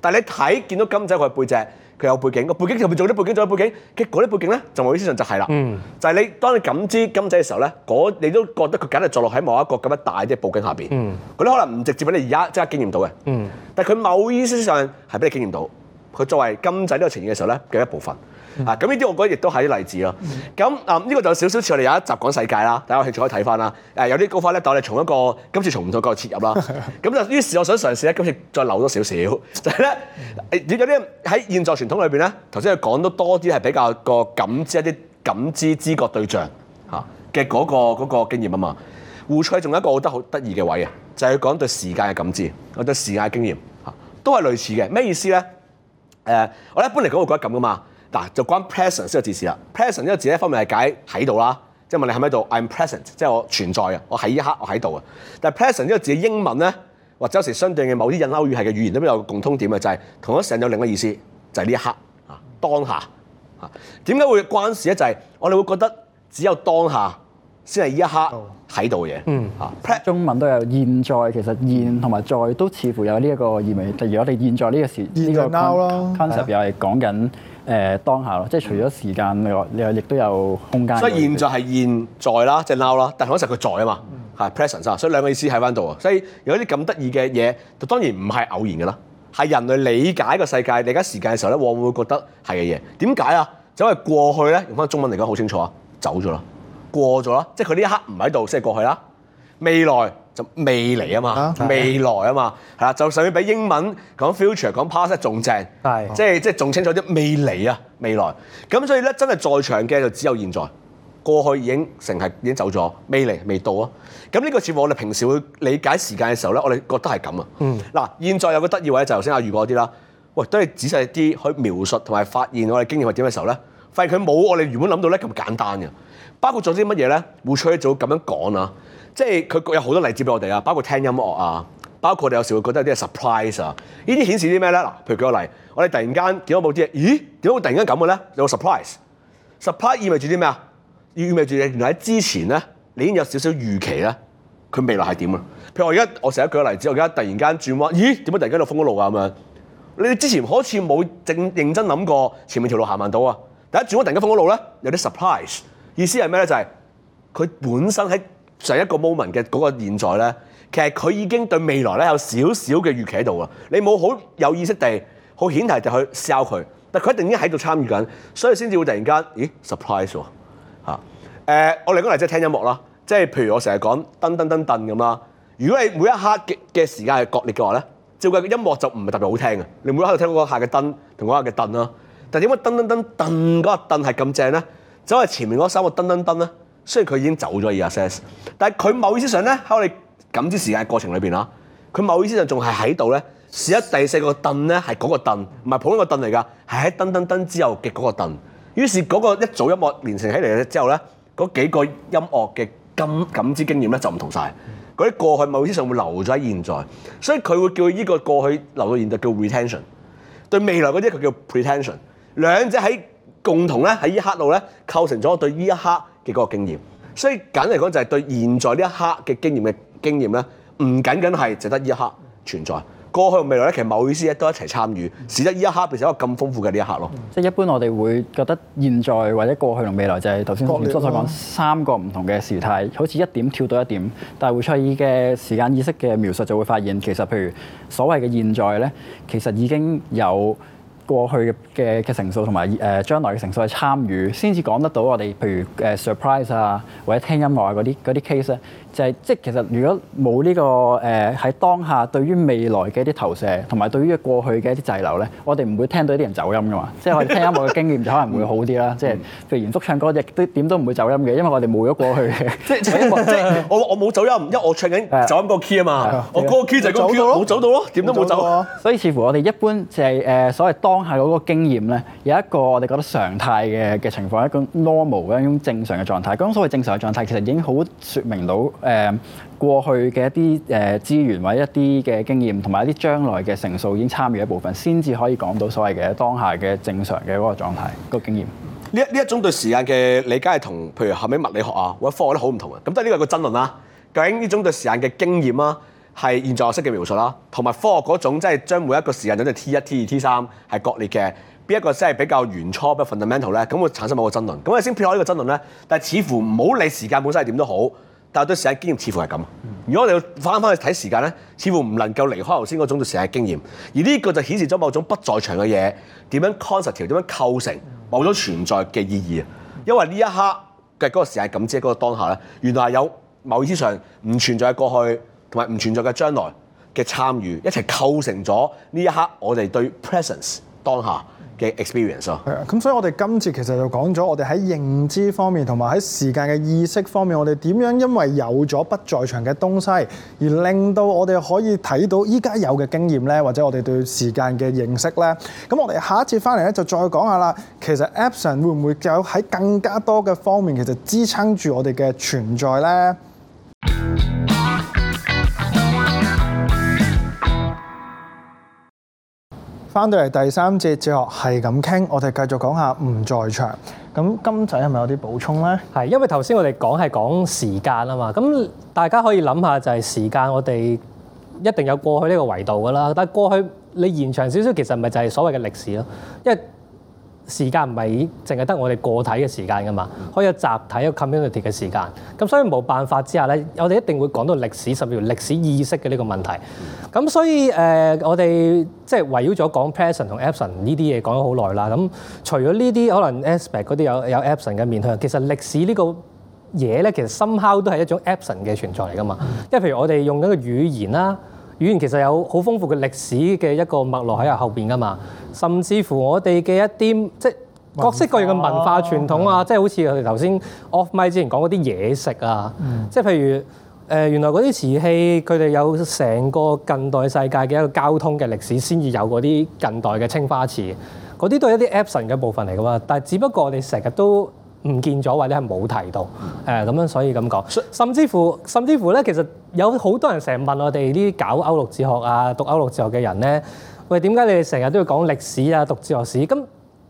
但你睇見到金仔佢嘅背脊，佢有背景，個背景上面仲有啲背景，仲有背景，嘅嗰啲背景咧，就某意思上就係啦。嗯，就係你當你感知金仔嘅時候咧，你都覺得佢梗係坐落喺某一個咁樣大啲背景下面。嗯，嗰啲可能唔直接俾你而家即刻經驗到嘅。嗯，但佢某意思上係俾你經驗到，佢作為金仔呢個呈現嘅時候咧嘅一部分。嗯、啊！咁呢啲我覺得亦都係啲例子咯。咁啊，呢、嗯呢個就有少少似我哋有一集講世界啦。大家興趣可以睇翻啦。啊、有啲高法咧，但我哋從一個今次從唔同角度切入啦。咁 就於是我想嘗試咧，今次再留多少少，就係、是、咧、嗯啊，有啲喺現象學傳統裏面咧，頭先佢講到多啲係比較個感知一啲感知知覺對象嘅嗰、啊那個嗰、那個經驗啊嘛。胡塞仲有一個我覺得好得意嘅位啊，就係、是、講對時間嘅感知，我對時間嘅經驗、啊、都係類似嘅。咩意思咧、啊？我一般嚟講我覺得咁噶嘛。嗱，就關 present 呢個字事啦。present 呢個字一方面係解喺度啦，即係問你係咪喺度？I'm present，即係我存在啊，我喺呢一刻，我喺度啊。但係 present 呢個字英文咧，或者有時相對嘅某啲印歐語系嘅語言都有共通點嘅，就係、是、同一成有另一個意思，就係、是、呢一刻啊，當下啊。點解會關事咧？就係、是、我哋會覺得只有當下先係呢一刻喺度嘅。嗯，嚇、嗯。中文都有現在，其實現同埋在都似乎有呢、這、一個意味。例、就、如、是、我哋現在呢個時呢 In 個 con, now concept 又係講緊。誒、呃、當下咯，即係除咗時間外，你又亦都有空間。所以現在係現在啦，即係 now 啦，但同時佢在啊嘛，係、嗯、present 啊，所以兩個意思喺翻度啊。所以有啲咁得意嘅嘢，就當然唔係偶然嘅啦，係人類理解個世界、理解時間嘅時候咧，往往會，會覺得係嘅嘢。點解啊？就為、是、過去咧，用翻中文嚟講好清楚啊，走咗啦，過咗啦，即係佢呢一刻唔喺度，即係過去啦，未來，就未嚟啊嘛，啊未來啊嘛，係啦的，就甚至比英文講 future、講 past 仲正，係的即係即係仲清楚啲未嚟，啊未來。咁所以咧，真係在場嘅就只有現在，過去已經成係已經走咗，未嚟未到啊。咁呢個似乎我哋平時會理解時間嘅時候咧，我哋覺得係咁啊。嗱、嗯，現在有個得意位咧，就頭先阿裕講啲啦，喂，都係仔細啲去描述同埋發現我哋經驗係點嘅時候咧。發現佢冇我哋原本諗到咧咁簡單嘅，包括做啲乜嘢咧？冇錯，一早咁樣講啊，即係佢有好多例子俾我哋啊。包括聽音樂啊，包括我哋有時會覺得有啲嘅 surprise 啊。呢啲顯示啲咩咧？嗱，譬如舉個例，我哋突然間見到部車，咦？點解會突然間咁嘅咧？有個 surprise。surprise 意味住啲咩啊？意味住你原來喺之前咧，你已經有少少預期咧。佢未來係點啊？譬如我而家我成日舉個例子，我而家突然間轉彎，咦？點解突然間度封咗路啊？咁樣你哋之前好似冇正認真諗過前面條路行唔行到啊？一轉咗突然間封咗路咧，有啲 surprise。意思係咩咧？就係、是、佢本身喺上一個 moment 嘅嗰個現在咧，其實佢已經對未來咧有少少嘅預期喺度啊！你冇好有，有意識地、好顯題地去 sell 佢，但佢一定已經喺度參與緊，所以先至會突然間，咦 surprise 喎、啊、嚇、呃！我嚟講嚟即係聽音樂啦，即係譬如我成日講噔噔噔噔咁啦。如果你每一刻嘅嘅時間係割裂嘅話咧，照計音樂就唔係特別好聽嘅。你每一刻就聽嗰下嘅噔同嗰下嘅噔啦。但點解噔噔噔噔嗰個噔係咁正咧？走去前面嗰三個噔噔噔咧，雖然佢已經走咗二廿 S，但係佢某意思上咧喺我哋感知時間的過程裏邊啦，佢某意思上仲係喺度咧。試一第四個凳咧係嗰個噔，唔係普通的個凳嚟㗎，係喺噔噔噔之後嘅嗰個噔。於是嗰個一組音樂連成起嚟之後咧，嗰幾個音樂嘅感感知經驗咧就唔同晒。嗰啲過去某意思上會留咗喺現在，所以佢會叫呢個過去留到現在叫 retention，對未來嗰啲佢叫 pretention。兩者喺共同咧，喺依一刻度咧，構成咗對依一刻嘅嗰個經驗。所以簡嚟講，就係對現在呢一刻嘅經驗嘅經驗咧，唔僅僅係淨得依一刻存在，過去同未來咧，其實某意思咧都一齊參與，使得依一刻變成一個咁豐富嘅呢一刻咯。即係、嗯、一般我哋會覺得現在或者過去同未來就係頭先你所講、啊、三個唔同嘅時態，好似一點跳到一點，但係會出現嘅時間意識嘅描述就會發現，其實譬如所謂嘅現在咧，其實已經有，過去嘅嘅嘅成數同埋誒將來嘅成數嘅參與，先至講得到我哋譬如誒 surprise 啊，或者聽音樂啊嗰啲嗰啲 case 咧，就係即係其實如果冇呢個誒喺當下對於未來嘅一啲投射，同埋對於過去嘅一啲滯留咧，我哋唔會聽到一啲人走音噶嘛。即係我哋聽音樂嘅經驗就可能會好啲啦。即係譬如延續唱歌亦都點都唔會走音嘅，因為我哋冇咗過去嘅。即係即係我我冇走音，因為我唱緊走音個 key 啊嘛。我個 key 就係個 key，冇走到咯，點都冇走。所以似乎我哋一般就係誒所謂當。當下嗰個經驗咧，有一個我哋覺得常態嘅嘅情況，一種 normal 嘅一種正常嘅狀態。咁所謂正常嘅狀態，其實已經好説明到誒、呃、過去嘅一啲誒、呃、資源或者一啲嘅經驗，同埋一啲將來嘅成數已經參與一部分，先至可以講到所謂嘅當下嘅正常嘅嗰個狀態、個經驗。呢一呢一種對時間嘅理解係同，譬如後尾物理學啊或者科學都好唔同嘅。咁但係呢個係個爭論啦。究竟呢種對時間嘅經驗啊，係現在式嘅描述啦，同埋科學嗰種即係將每一個時間總計 t 一 t 二 t 三係割裂嘅，邊一個真係比較原初比較 fundamental 咧？咁會產生某個爭論。咁我先撇開呢個爭論咧，但係似乎唔好理時間本身係點都好，但係對時間經驗似乎係咁。如果你要翻返去睇時間咧，似乎唔能夠離開頭先嗰種對時間經驗，而呢個就顯示咗某種不在場嘅嘢點樣 concept 條點樣構成某種存在嘅意義啊。因為呢一刻嘅嗰個時間感即係嗰個當下咧，原來有某意思上唔存在的過去。同埋唔存在嘅將來嘅參與，一齊構成咗呢一刻我哋對 presence 當下嘅 experience 咯。係啊，咁所以我哋今次其實就講咗我哋喺認知方面，同埋喺時間嘅意識方面，我哋點樣因為有咗不在場嘅東西，而令到我哋可以睇到依家有嘅經驗呢？或者我哋對時間嘅認識呢？咁我哋下一節翻嚟咧，就再講下啦。其實 absence 會唔會有喺更加多嘅方面，其實支撐住我哋嘅存在呢？翻到嚟第三節，哲學係咁傾，我哋繼續講下唔在場。咁今仔係咪有啲補充呢？係，因為頭先我哋講係講時間啊嘛。咁大家可以諗下就係時間，我哋一定有過去呢個維度㗎喇。但係過去你延長少少，其實咪就係所謂嘅歷史咯。因為時間唔係淨係得我哋個體嘅時間㗎嘛，可以有集體有 community 嘅時間。咁所以冇辦法之下咧，我哋一定會講到歷史，甚至乎歷史意識嘅呢個問題。咁所以誒、呃，我哋即係圍繞咗講 present 同 absent 呢啲嘢講咗好耐啦。咁除咗呢啲可能 aspect 嗰啲有有 absent 嘅面向，其實歷史這個東西呢個嘢咧，其實 somehow 都係一種 absent 嘅存在嚟㗎嘛。即係譬如我哋用緊嘅語言啦。語言其實有好豐富嘅歷史嘅一個脈絡喺後面㗎嘛，甚至乎我哋嘅一啲即係各式各樣嘅文化傳統啊，即係化好似我哋頭先 Off Mic 之前講嗰啲嘢食啊，嗯、即係譬如、呃、原來嗰啲瓷器佢哋有成個近代世界嘅一個交通嘅歷史先至有嗰啲近代嘅青花瓷，嗰啲都係一啲 absent 嘅部分嚟㗎嘛，但係只不過我哋成日都唔見咗或者係冇提到，誒咁樣，所以咁講，甚至乎，甚至乎咧，其實有好多人成日問我哋呢啲搞歐陸哲學啊、讀歐陸哲學嘅人咧，喂，點解你哋成日都要講歷史啊、讀哲學史？咁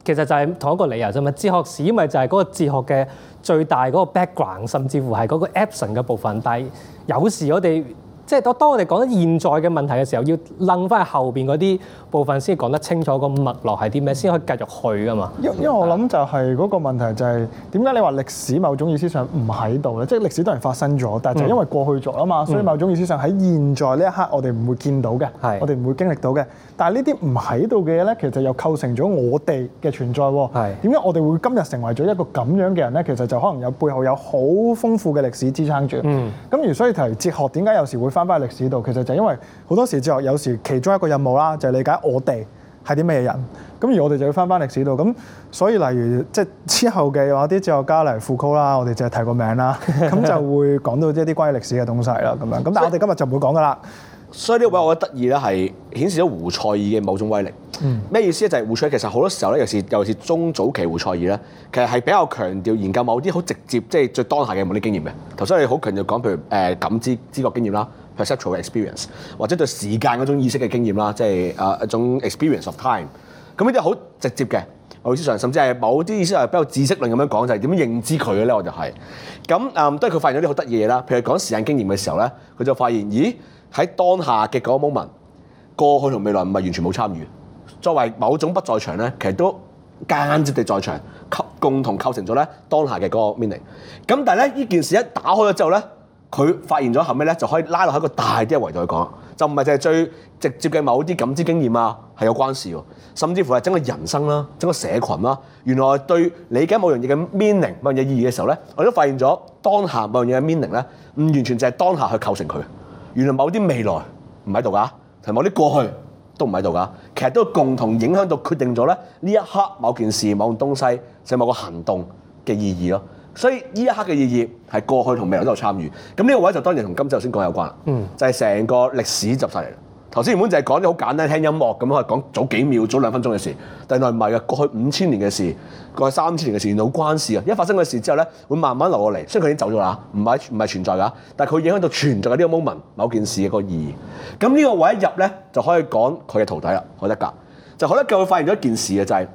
其實就係同一個理由啫嘛，哲學史咪就係嗰個哲學嘅最大嗰個 background，甚至乎係嗰個 action 嘅部分。但係有時我哋。即係我當我哋講緊現在嘅問題嘅時候，要擰翻去後邊嗰啲部分先講得清楚個脈絡係啲咩，先可以繼續去㗎嘛。因因為我諗就係嗰個問題就係點解你話歷史某種意思上唔喺度咧？即係歷史當然發生咗，但係就因為過去咗啊嘛，所以某種意思上喺現在呢一刻，我哋唔會見到嘅，係我哋唔會經歷到嘅。但係呢啲唔喺度嘅嘢咧，其實又構成咗我哋嘅存在喎。係。點解我哋會今日成為咗一個咁樣嘅人咧？其實就可能有背後有好豐富嘅歷史支撐住。嗯，咁而所以提哲學，點解有時會翻翻去歷史度？其實就因為好多時哲學有時其中一個任務啦，就係理解我哋係啲咩人。咁而我哋就要翻翻歷史度。咁所以例如即係之後嘅話，啲哲學家嚟富柯啦，我哋就係提個名啦。咁 就會講到一啲關於歷史嘅東西啦，咁樣。咁但係我哋今日就唔會講㗎啦。所以呢位我覺得得意咧，係顯示咗胡塞爾嘅某種威力。咩、嗯、意思咧？就係、是、胡塞爾其實好多時候咧，尤其是尤其是中早期胡塞爾咧，其實係比較強調研究某啲好直接，即、就、係、是、最當下嘅某啲經驗嘅。頭先你好強調講，譬如誒、呃、感知知覺經驗啦，perceptual experience，或者對時間嗰種意識嘅經驗啦，即係啊一種 experience of time。咁呢啲好直接嘅。好似上，甚至係某啲意思係比較知識論咁樣講，就係點樣認知佢嘅咧？我就係咁，嗯，都係佢發現咗啲好得意嘢啦。譬如講時間經驗嘅時候咧，佢就發現，咦，喺當下嘅嗰個 moment，過去同未來唔係完全冇參與，作為某種不在場咧，其實都間接地在場，構共同構成咗咧當下嘅嗰個 meaning。咁但係咧，呢件事一打開咗之後咧。佢發現咗後尾咧，就可以拉落喺一個大啲嘅圍度去講，就唔係淨係最直接嘅某啲感知經驗啊，係有關事喎，甚至乎係整個人生啦，整個社群啦，原來對理解某樣嘢嘅 meaning 某樣嘢意義嘅時候咧，我都發現咗當下某樣嘢嘅 meaning 咧，唔完全就係當下去構成佢，原來某啲未來唔喺度㗎，同埋某啲過去都唔喺度㗎，其實都共同影響到決定咗咧呢一刻某件事某樣東西或某個行動嘅意義咯。所以呢一刻嘅意義係過去同未來都有參與，咁呢個位就當然同今集頭先講有關啦。嗯，就係、是、成個歷史集晒嚟。頭先原本就係講啲好簡單聽音樂咁樣可以講，早幾秒、早兩分鐘嘅事，但係唔係嘅過去五千年嘅事，過去三千年嘅事，好關事。一發生嘅事之後咧，會慢慢流落嚟。雖然佢已經走咗啦，唔係唔係存在噶，但佢影響到存在嘅呢個 moment、某件事嘅個、那個意義。咁呢個位一入咧，就可以講佢嘅徒弟啦。海德格就海德格佢發現咗一件事嘅就係、是。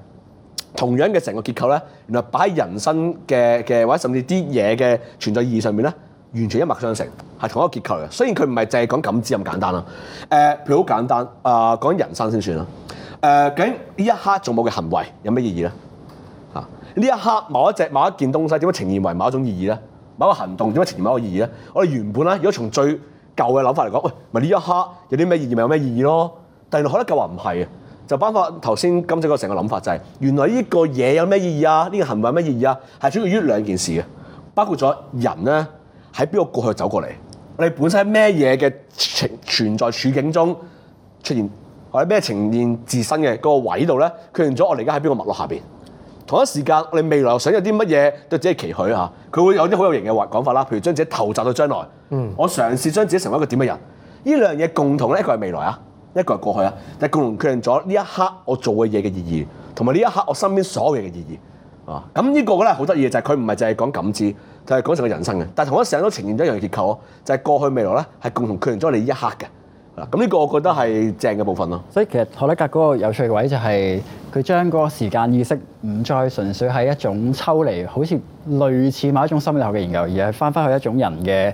同樣嘅成個結構咧，原來擺喺人生嘅嘅或者甚至啲嘢嘅存在意義上面咧，完全一脈相承，係同一個結構嘅。雖然佢唔係淨係講感知咁簡單啦。誒、呃，譬如好簡單，誒、呃、講人生先算啦。誒、呃，究竟呢一刻做冇嘅行為有咩意義咧？嚇、啊，呢一刻某一隻某一件東西點樣呈現為某一種意義咧？某個行動點樣呈現某個意義咧？我哋原本咧，如果從最舊嘅諗法嚟講，喂、哎，咪呢一刻有啲咩意義咪有咩意義咯？但係我覺得舊話唔係啊。就包括頭先金姐個成個諗法，就係原來呢個嘢有咩意義啊？呢、呢個行為有咩意義啊？係主要於兩件事嘅，包括咗人咧喺邊個過去走過嚟，我哋本身喺咩嘢嘅存存在處境中出現，或者咩呈現自身嘅嗰個位度咧，決定咗我哋而家喺邊個脈絡下邊。同一時間，我哋未來想有啲乜嘢對自己期許啊？佢會有啲好有型嘅講法啦、啊，譬如將自己投擲到將來，嗯，我嘗試將自己成為一個點嘅人，呢兩樣嘢共同咧，一個係未來啊。一個係過去啊，但係共同決定咗呢一刻我做嘅嘢嘅意義，同埋呢一刻我身邊所有嘢嘅意義啊。咁呢個咧，好得意嘅就係佢唔係淨係講感知，就係講成個人生嘅。但係同一時都呈現咗一樣結構，就係、是、過去未來咧係共同決定咗你一刻嘅。嗱、啊，咁呢個我覺得係正嘅部分咯。所以其實海德格嗰個有趣嘅位就係佢將嗰個時間意識唔再純粹係一種抽離，好似類似某一種心理學嘅研究，而係翻返去一種人嘅。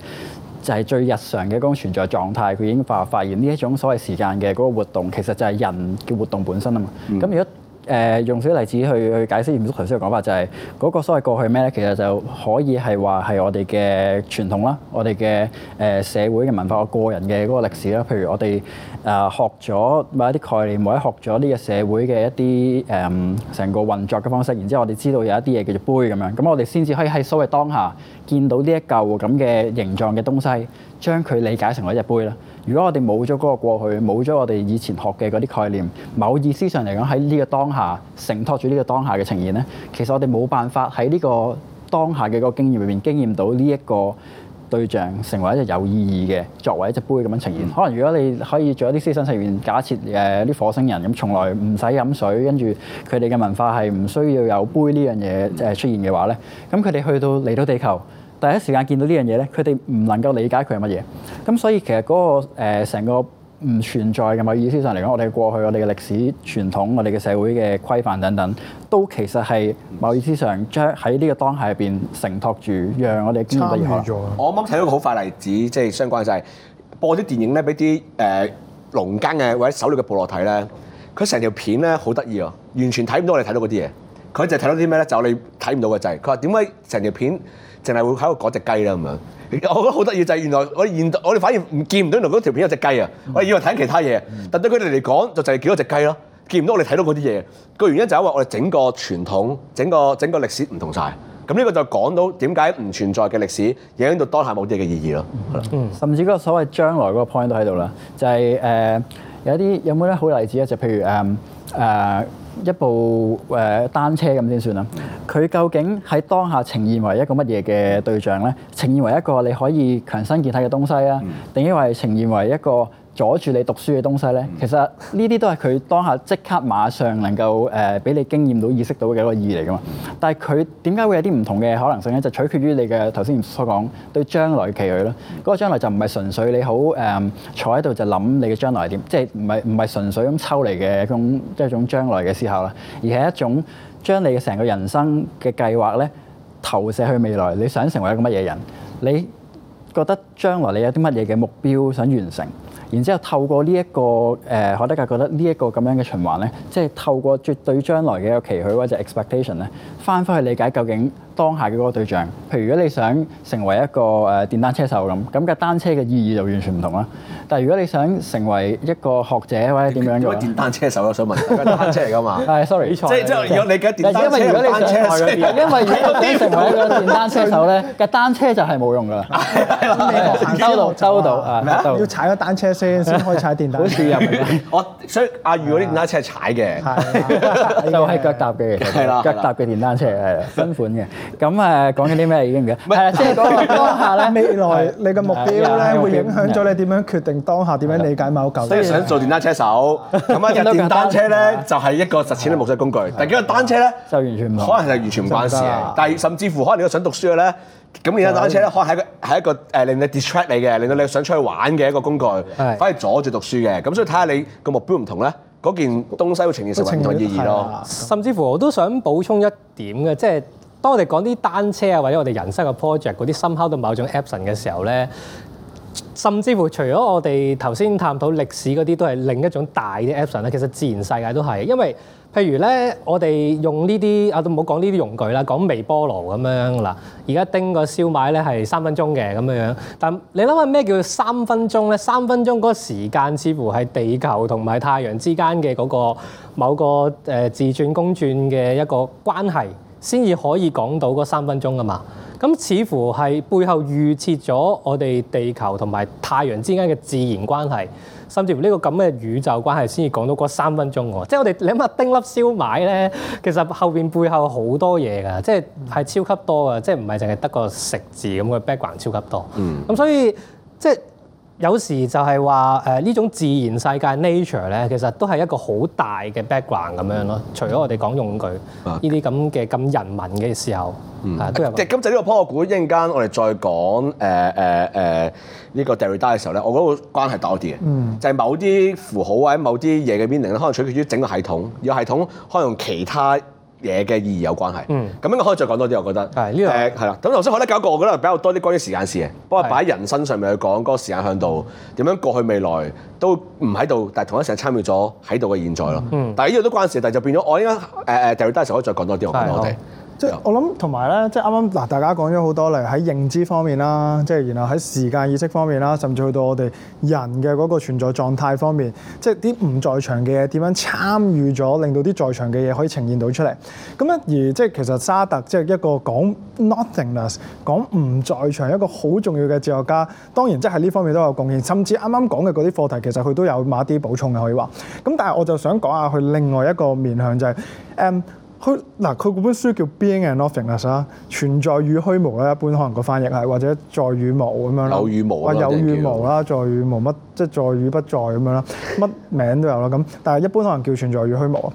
就係最日常嘅嗰種存在狀態，佢已經發發現呢一種所謂時間嘅嗰個活動，其實就係人嘅活動本身啊嘛。咁如果誒用少啲例子去去解釋完頭先嘅講法，就係嗰個所謂過去咩咧？其實就可以係話係我哋嘅傳統啦，我哋嘅誒社會嘅文化，我個人嘅嗰個歷史啦，譬如我哋。誒學咗某一啲概念，或者學咗呢個社會嘅一啲誒成個運作嘅方式，然之後我哋知道有一啲嘢叫做杯咁樣，咁我哋先至可以喺所謂當下見到呢一嚿咁嘅形狀嘅東西，將佢理解成為一隻杯啦。如果我哋冇咗嗰個過去，冇咗我哋以前學嘅嗰啲概念，某意思上嚟講喺呢個當下承托住呢個當下嘅呈現咧，其實我哋冇辦法喺呢個當下嘅嗰個經驗裏面經驗到呢一個。對象成為一隻有意義嘅，作為一隻杯咁樣呈現。可能如果你可以做一啲思想實驗，假設誒啲、呃、火星人咁從來唔使飲水，跟住佢哋嘅文化係唔需要有杯呢樣嘢誒出現嘅話咧，咁佢哋去到嚟到地球第一時間見到呢樣嘢咧，佢哋唔能夠理解佢係乜嘢。咁所以其實嗰個成個。呃整個唔存在嘅，某意思上嚟講，我哋過去我哋嘅歷史傳統、我哋嘅社會嘅規範等等，都其實係某意思上將喺呢個當下入邊承托住，讓我哋參與咗。我啱啱睇到個好快例子，即係相關就係播啲電影咧，俾啲誒農耕嘅或者狩獵嘅部落睇咧，佢成條片咧好得意啊，完全睇唔到我哋睇到嗰啲嘢，佢就睇到啲咩咧？就你睇唔到嘅制。佢話點解成條片淨係會喺度攞隻雞啦咁樣？我覺得好得意就係、是、原來我哋現代我哋反而唔見唔到原來嗰條片有隻雞啊！我哋以為睇其他嘢，但對佢哋嚟講就就係幾多隻雞咯，見唔到我哋睇到嗰啲嘢。個原因就係因為我哋整個傳統、整個整個歷史唔同晒。咁呢個就講到點解唔存在嘅歷史，影響到當下冇啲嘅意義咯。嗯嗯、甚至個個所謂將來嗰個 point 都喺度啦，就係、是、誒、呃、有啲有冇咧好例子啊？就譬如、呃呃一部誒單車咁先算啦。佢究竟喺當下呈現為一個乜嘢嘅對象咧？呈現為一個你可以強身健體嘅東西啊，定抑或係為呈現為一個。阻住你讀書嘅東西咧，其實呢啲都係佢當下即刻馬上能夠誒俾你經驗到，意識到嘅一個意義嚟噶嘛。但係佢點解會有啲唔同嘅可能性咧？就取決於你嘅頭先所講對將來期許啦。嗰、那個將來就唔係純粹你好誒、呃、坐喺度就諗你嘅將來係點，即係唔係唔係純粹咁抽嚟嘅一種一種將來嘅思考啦，而係一種將你嘅成個人生嘅計劃咧投射去未來。你想成為一個乜嘢人？你覺得將來你有啲乜嘢嘅目標想完成？然之後透過呢、這、一個誒，海德格覺得呢一個咁樣嘅循環咧，即係透過絕對將來嘅一個期許或者 expectation 咧，翻返去理解究竟。當下嘅嗰個對象，譬如如果你想成為一個誒電單車手咁，咁架單車嘅意義就完全唔同啦。但係如果你想成為一個學者或者點樣做？電單車手我想問架單車嚟㗎嘛？係，sorry，即係即係，若你架電單車，因為如果你成為一個電單車手咧，架單車就係冇用㗎啦。要踩個單車先，先可以踩電單車。入面，我所以阿裕嗰啲電單車係踩嘅，就係腳踏嘅，係啦，腳踏嘅電單車係新款嘅。咁誒講起啲咩已經唔係啊，即係當下咧，未來你嘅目標咧，會影響咗你點樣決定當下，點樣理解某舊。即係想做電單車手，咁啊，電單車咧就係一個實踐嘅目的工具。但幾個單車咧就完全唔可能，係完全唔關事嘅。但係甚至乎，可能你想讀書咧，咁而家單車咧，可能係一個係一個誒令你 distract 你嘅，令到你想出去玩嘅一個工具，反而是阻住讀書嘅。咁所以睇下你個目標唔同咧，嗰件東西會呈現成唔同意義咯。嗯嗯嗯、甚至乎我都想補充一點嘅，即係。當我哋講啲單車啊，或者我哋人生嘅 project 嗰啲深刻到某種 option 嘅時候咧，甚至乎除咗我哋頭先探討歷史嗰啲，都係另一種大嘅 option 啦。其實自然世界都係，因為譬如咧，我哋用呢啲啊，我都唔好講呢啲用具啦，講微波爐咁樣嗱。而家叮個燒賣咧係三分鐘嘅咁樣樣，但你諗下咩叫三分鐘咧？三分鐘嗰個時間似乎係地球同埋太陽之間嘅嗰個某個誒自轉公轉嘅一個關係。先至可以講到嗰三分鐘㗎嘛，咁似乎係背後預設咗我哋地球同埋太陽之間嘅自然關係，甚至乎呢個咁嘅宇宙關係先至講到嗰三分鐘喎，即係我哋你諗下丁粒燒賣咧，其實後邊背後好多嘢㗎，即係係超級多㗎，即係唔係淨係得個食字咁嘅 background 超級多，咁、嗯、所以即係。有時就係話誒呢種自然世界 nature 咧，其實都係一個好大嘅 background 咁樣咯。除咗我哋講用具呢啲咁嘅咁人文嘅時候，嗯，即係、啊、今集呢個 p o e t 我估一陣間我哋再講誒誒誒呢個 Derrida 嘅時候咧，我覺得關係多啲嘅，嗯，就係某啲符號或者某啲嘢嘅 meaning 可能取決於整個系統，個系統可以用其他。嘢嘅意義有關係，咁、嗯、應該可以再講多啲，我覺得係，係啦是。咁頭先我哋搞過我覺得比較多啲關於時間事嘅，是不過擺喺人身上面去講嗰、那個時間向度，點樣過去未來都唔喺度，但係同一時間參與咗喺度嘅現在咯、嗯。但係呢個都關事，但係就變咗我應該誒誒第二日嘅時候可以再講多啲我覺得我哋。即我諗同埋咧，即係啱啱嗱大家講咗好多例如喺認知方面啦，即然後喺時間意識方面啦，甚至去到我哋人嘅嗰個存在狀態方面，即啲唔在場嘅嘢點樣參與咗，令到啲在場嘅嘢可以呈現到出嚟。咁而即其實沙特即一個講 nothingness 講唔在場一個好重要嘅哲學家，當然即係喺呢方面都有貢獻，甚至啱啱講嘅嗰啲課題其實佢都有某啲補充嘅可以話。咁但係我就想講下佢另外一個面向就係，誒 um, 佢嗱佢本書叫 Being and Nothingness 啊，存在與虛無咧，一般可能個翻譯係或者在與無咁樣啦，有與無啊，有與無啦，在與無乜即係在與不在咁樣啦，乜名都有啦。咁 但係一般可能叫存在與虛無啊。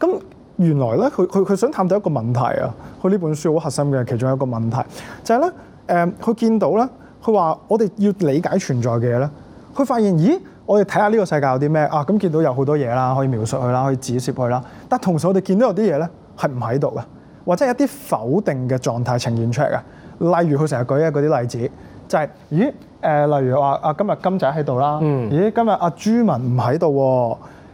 咁原來咧，佢佢佢想探到一個問題啊。佢呢本書好核心嘅其中一個問題就係咧，誒佢見到咧，佢話我哋要理解存在嘅嘢咧，佢發現咦，我哋睇下呢個世界有啲咩啊？咁見到有好多嘢啦，可以描述佢啦，可以指涉佢啦。但同時我哋見到有啲嘢咧。係唔喺度啊，或者一啲否定嘅狀態呈現出嚟啊，例如佢成日舉一嗰啲例子，就係、是、咦誒、呃，例如話啊，今日金仔喺度啦，嗯、咦今日阿朱文唔喺度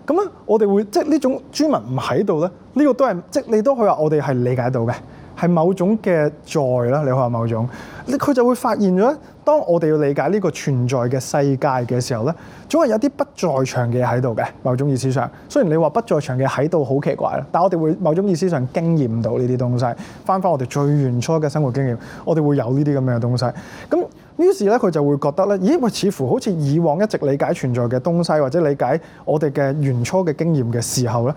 喎，咁咧我哋會即係呢種朱文唔喺度咧，呢、呢個都係即係你都可以話我哋係理解到嘅。係某種嘅在啦，你話某種，佢就會發現咗，當我哋要理解呢個存在嘅世界嘅時候呢，總係有啲不在場嘅喺度嘅，某種意思上。雖然你話不在場嘅喺度好奇怪啦，但我哋會某種意思上經驗到呢啲東西。翻返我哋最原初嘅生活經驗，我哋會有呢啲咁樣嘅東西。咁於是呢，佢就會覺得咧，咦、哎，我似乎好似以往一直理解存在嘅東西，或者理解我哋嘅原初嘅經驗嘅時候咧。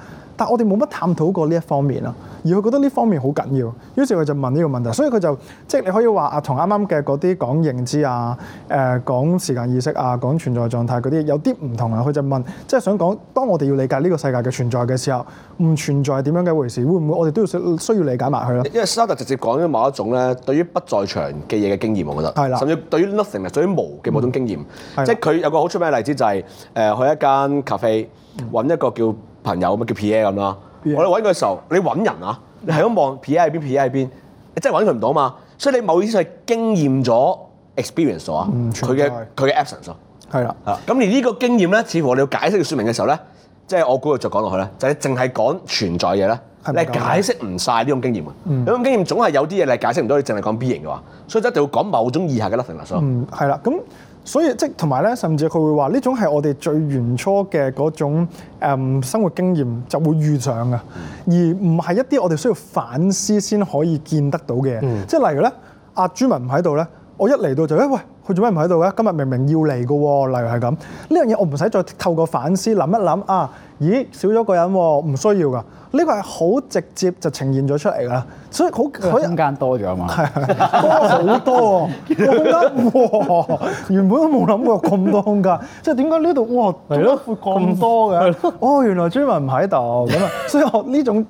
我哋冇乜探討過呢一方面咯，而佢覺得呢方面好緊要，於是佢就問呢個問題。所以佢就即係你可以話啊，同啱啱嘅嗰啲講認知啊、誒、呃、講時間意識啊、講存在狀態嗰啲有啲唔同啊。佢就問，即係想講，當我哋要理解呢個世界嘅存在嘅時候，唔存在點樣嘅回事，會唔會我哋都要需要理解埋佢咯？因為沙特直接講咗某一種咧，對於不在場嘅嘢嘅經驗，我覺得係啦，的甚至對於 nothing，對於、嗯、無嘅某種經驗，即係佢有個好出名嘅例子就係、是、誒、呃、去一間咖啡搵一個叫，朋友咩叫 Pierre 咁啦。我哋揾佢嘅時候，你揾人啊，你係咁望 Pierre 喺邊 Pierre 喺邊，你真係揾佢唔到嘛？所以你某意思係經驗咗，experience 咗佢嘅佢嘅 absence。係啦，咁的而呢個經驗咧，似乎我哋要解釋要説明嘅時候咧，即係我估我再講落去咧，就係淨係講存在嘢咧，係咪你解釋唔晒呢種經驗。呢、嗯、種經驗總係有啲嘢你解釋唔到，你淨係講 B 型嘅話，所以就一定要講某種意下嘅 nothingness。係啦、嗯，咁。所以即係同埋咧，甚至佢會話呢種係我哋最原初嘅嗰種、嗯、生活經驗就會遇上㗎，而唔係一啲我哋需要反思先可以見得到嘅。嗯、即係例如咧，阿朱文唔喺度咧，我一嚟到就、欸、喂。佢做咩唔喺度嘅？今日明明要嚟嘅喎，例如係咁呢樣嘢，這個、東西我唔使再透過反思諗一諗啊！咦，少咗一個人喎，唔需要㗎。呢、這個係好直接就呈現咗出嚟㗎，所以好空間多咗啊嘛，係 多好多，我覺得 原本都冇諗過咁多空間，即係點解呢度哇係咯，會咁的多嘅？哦，原來朱文唔喺度咁啊，所以我呢種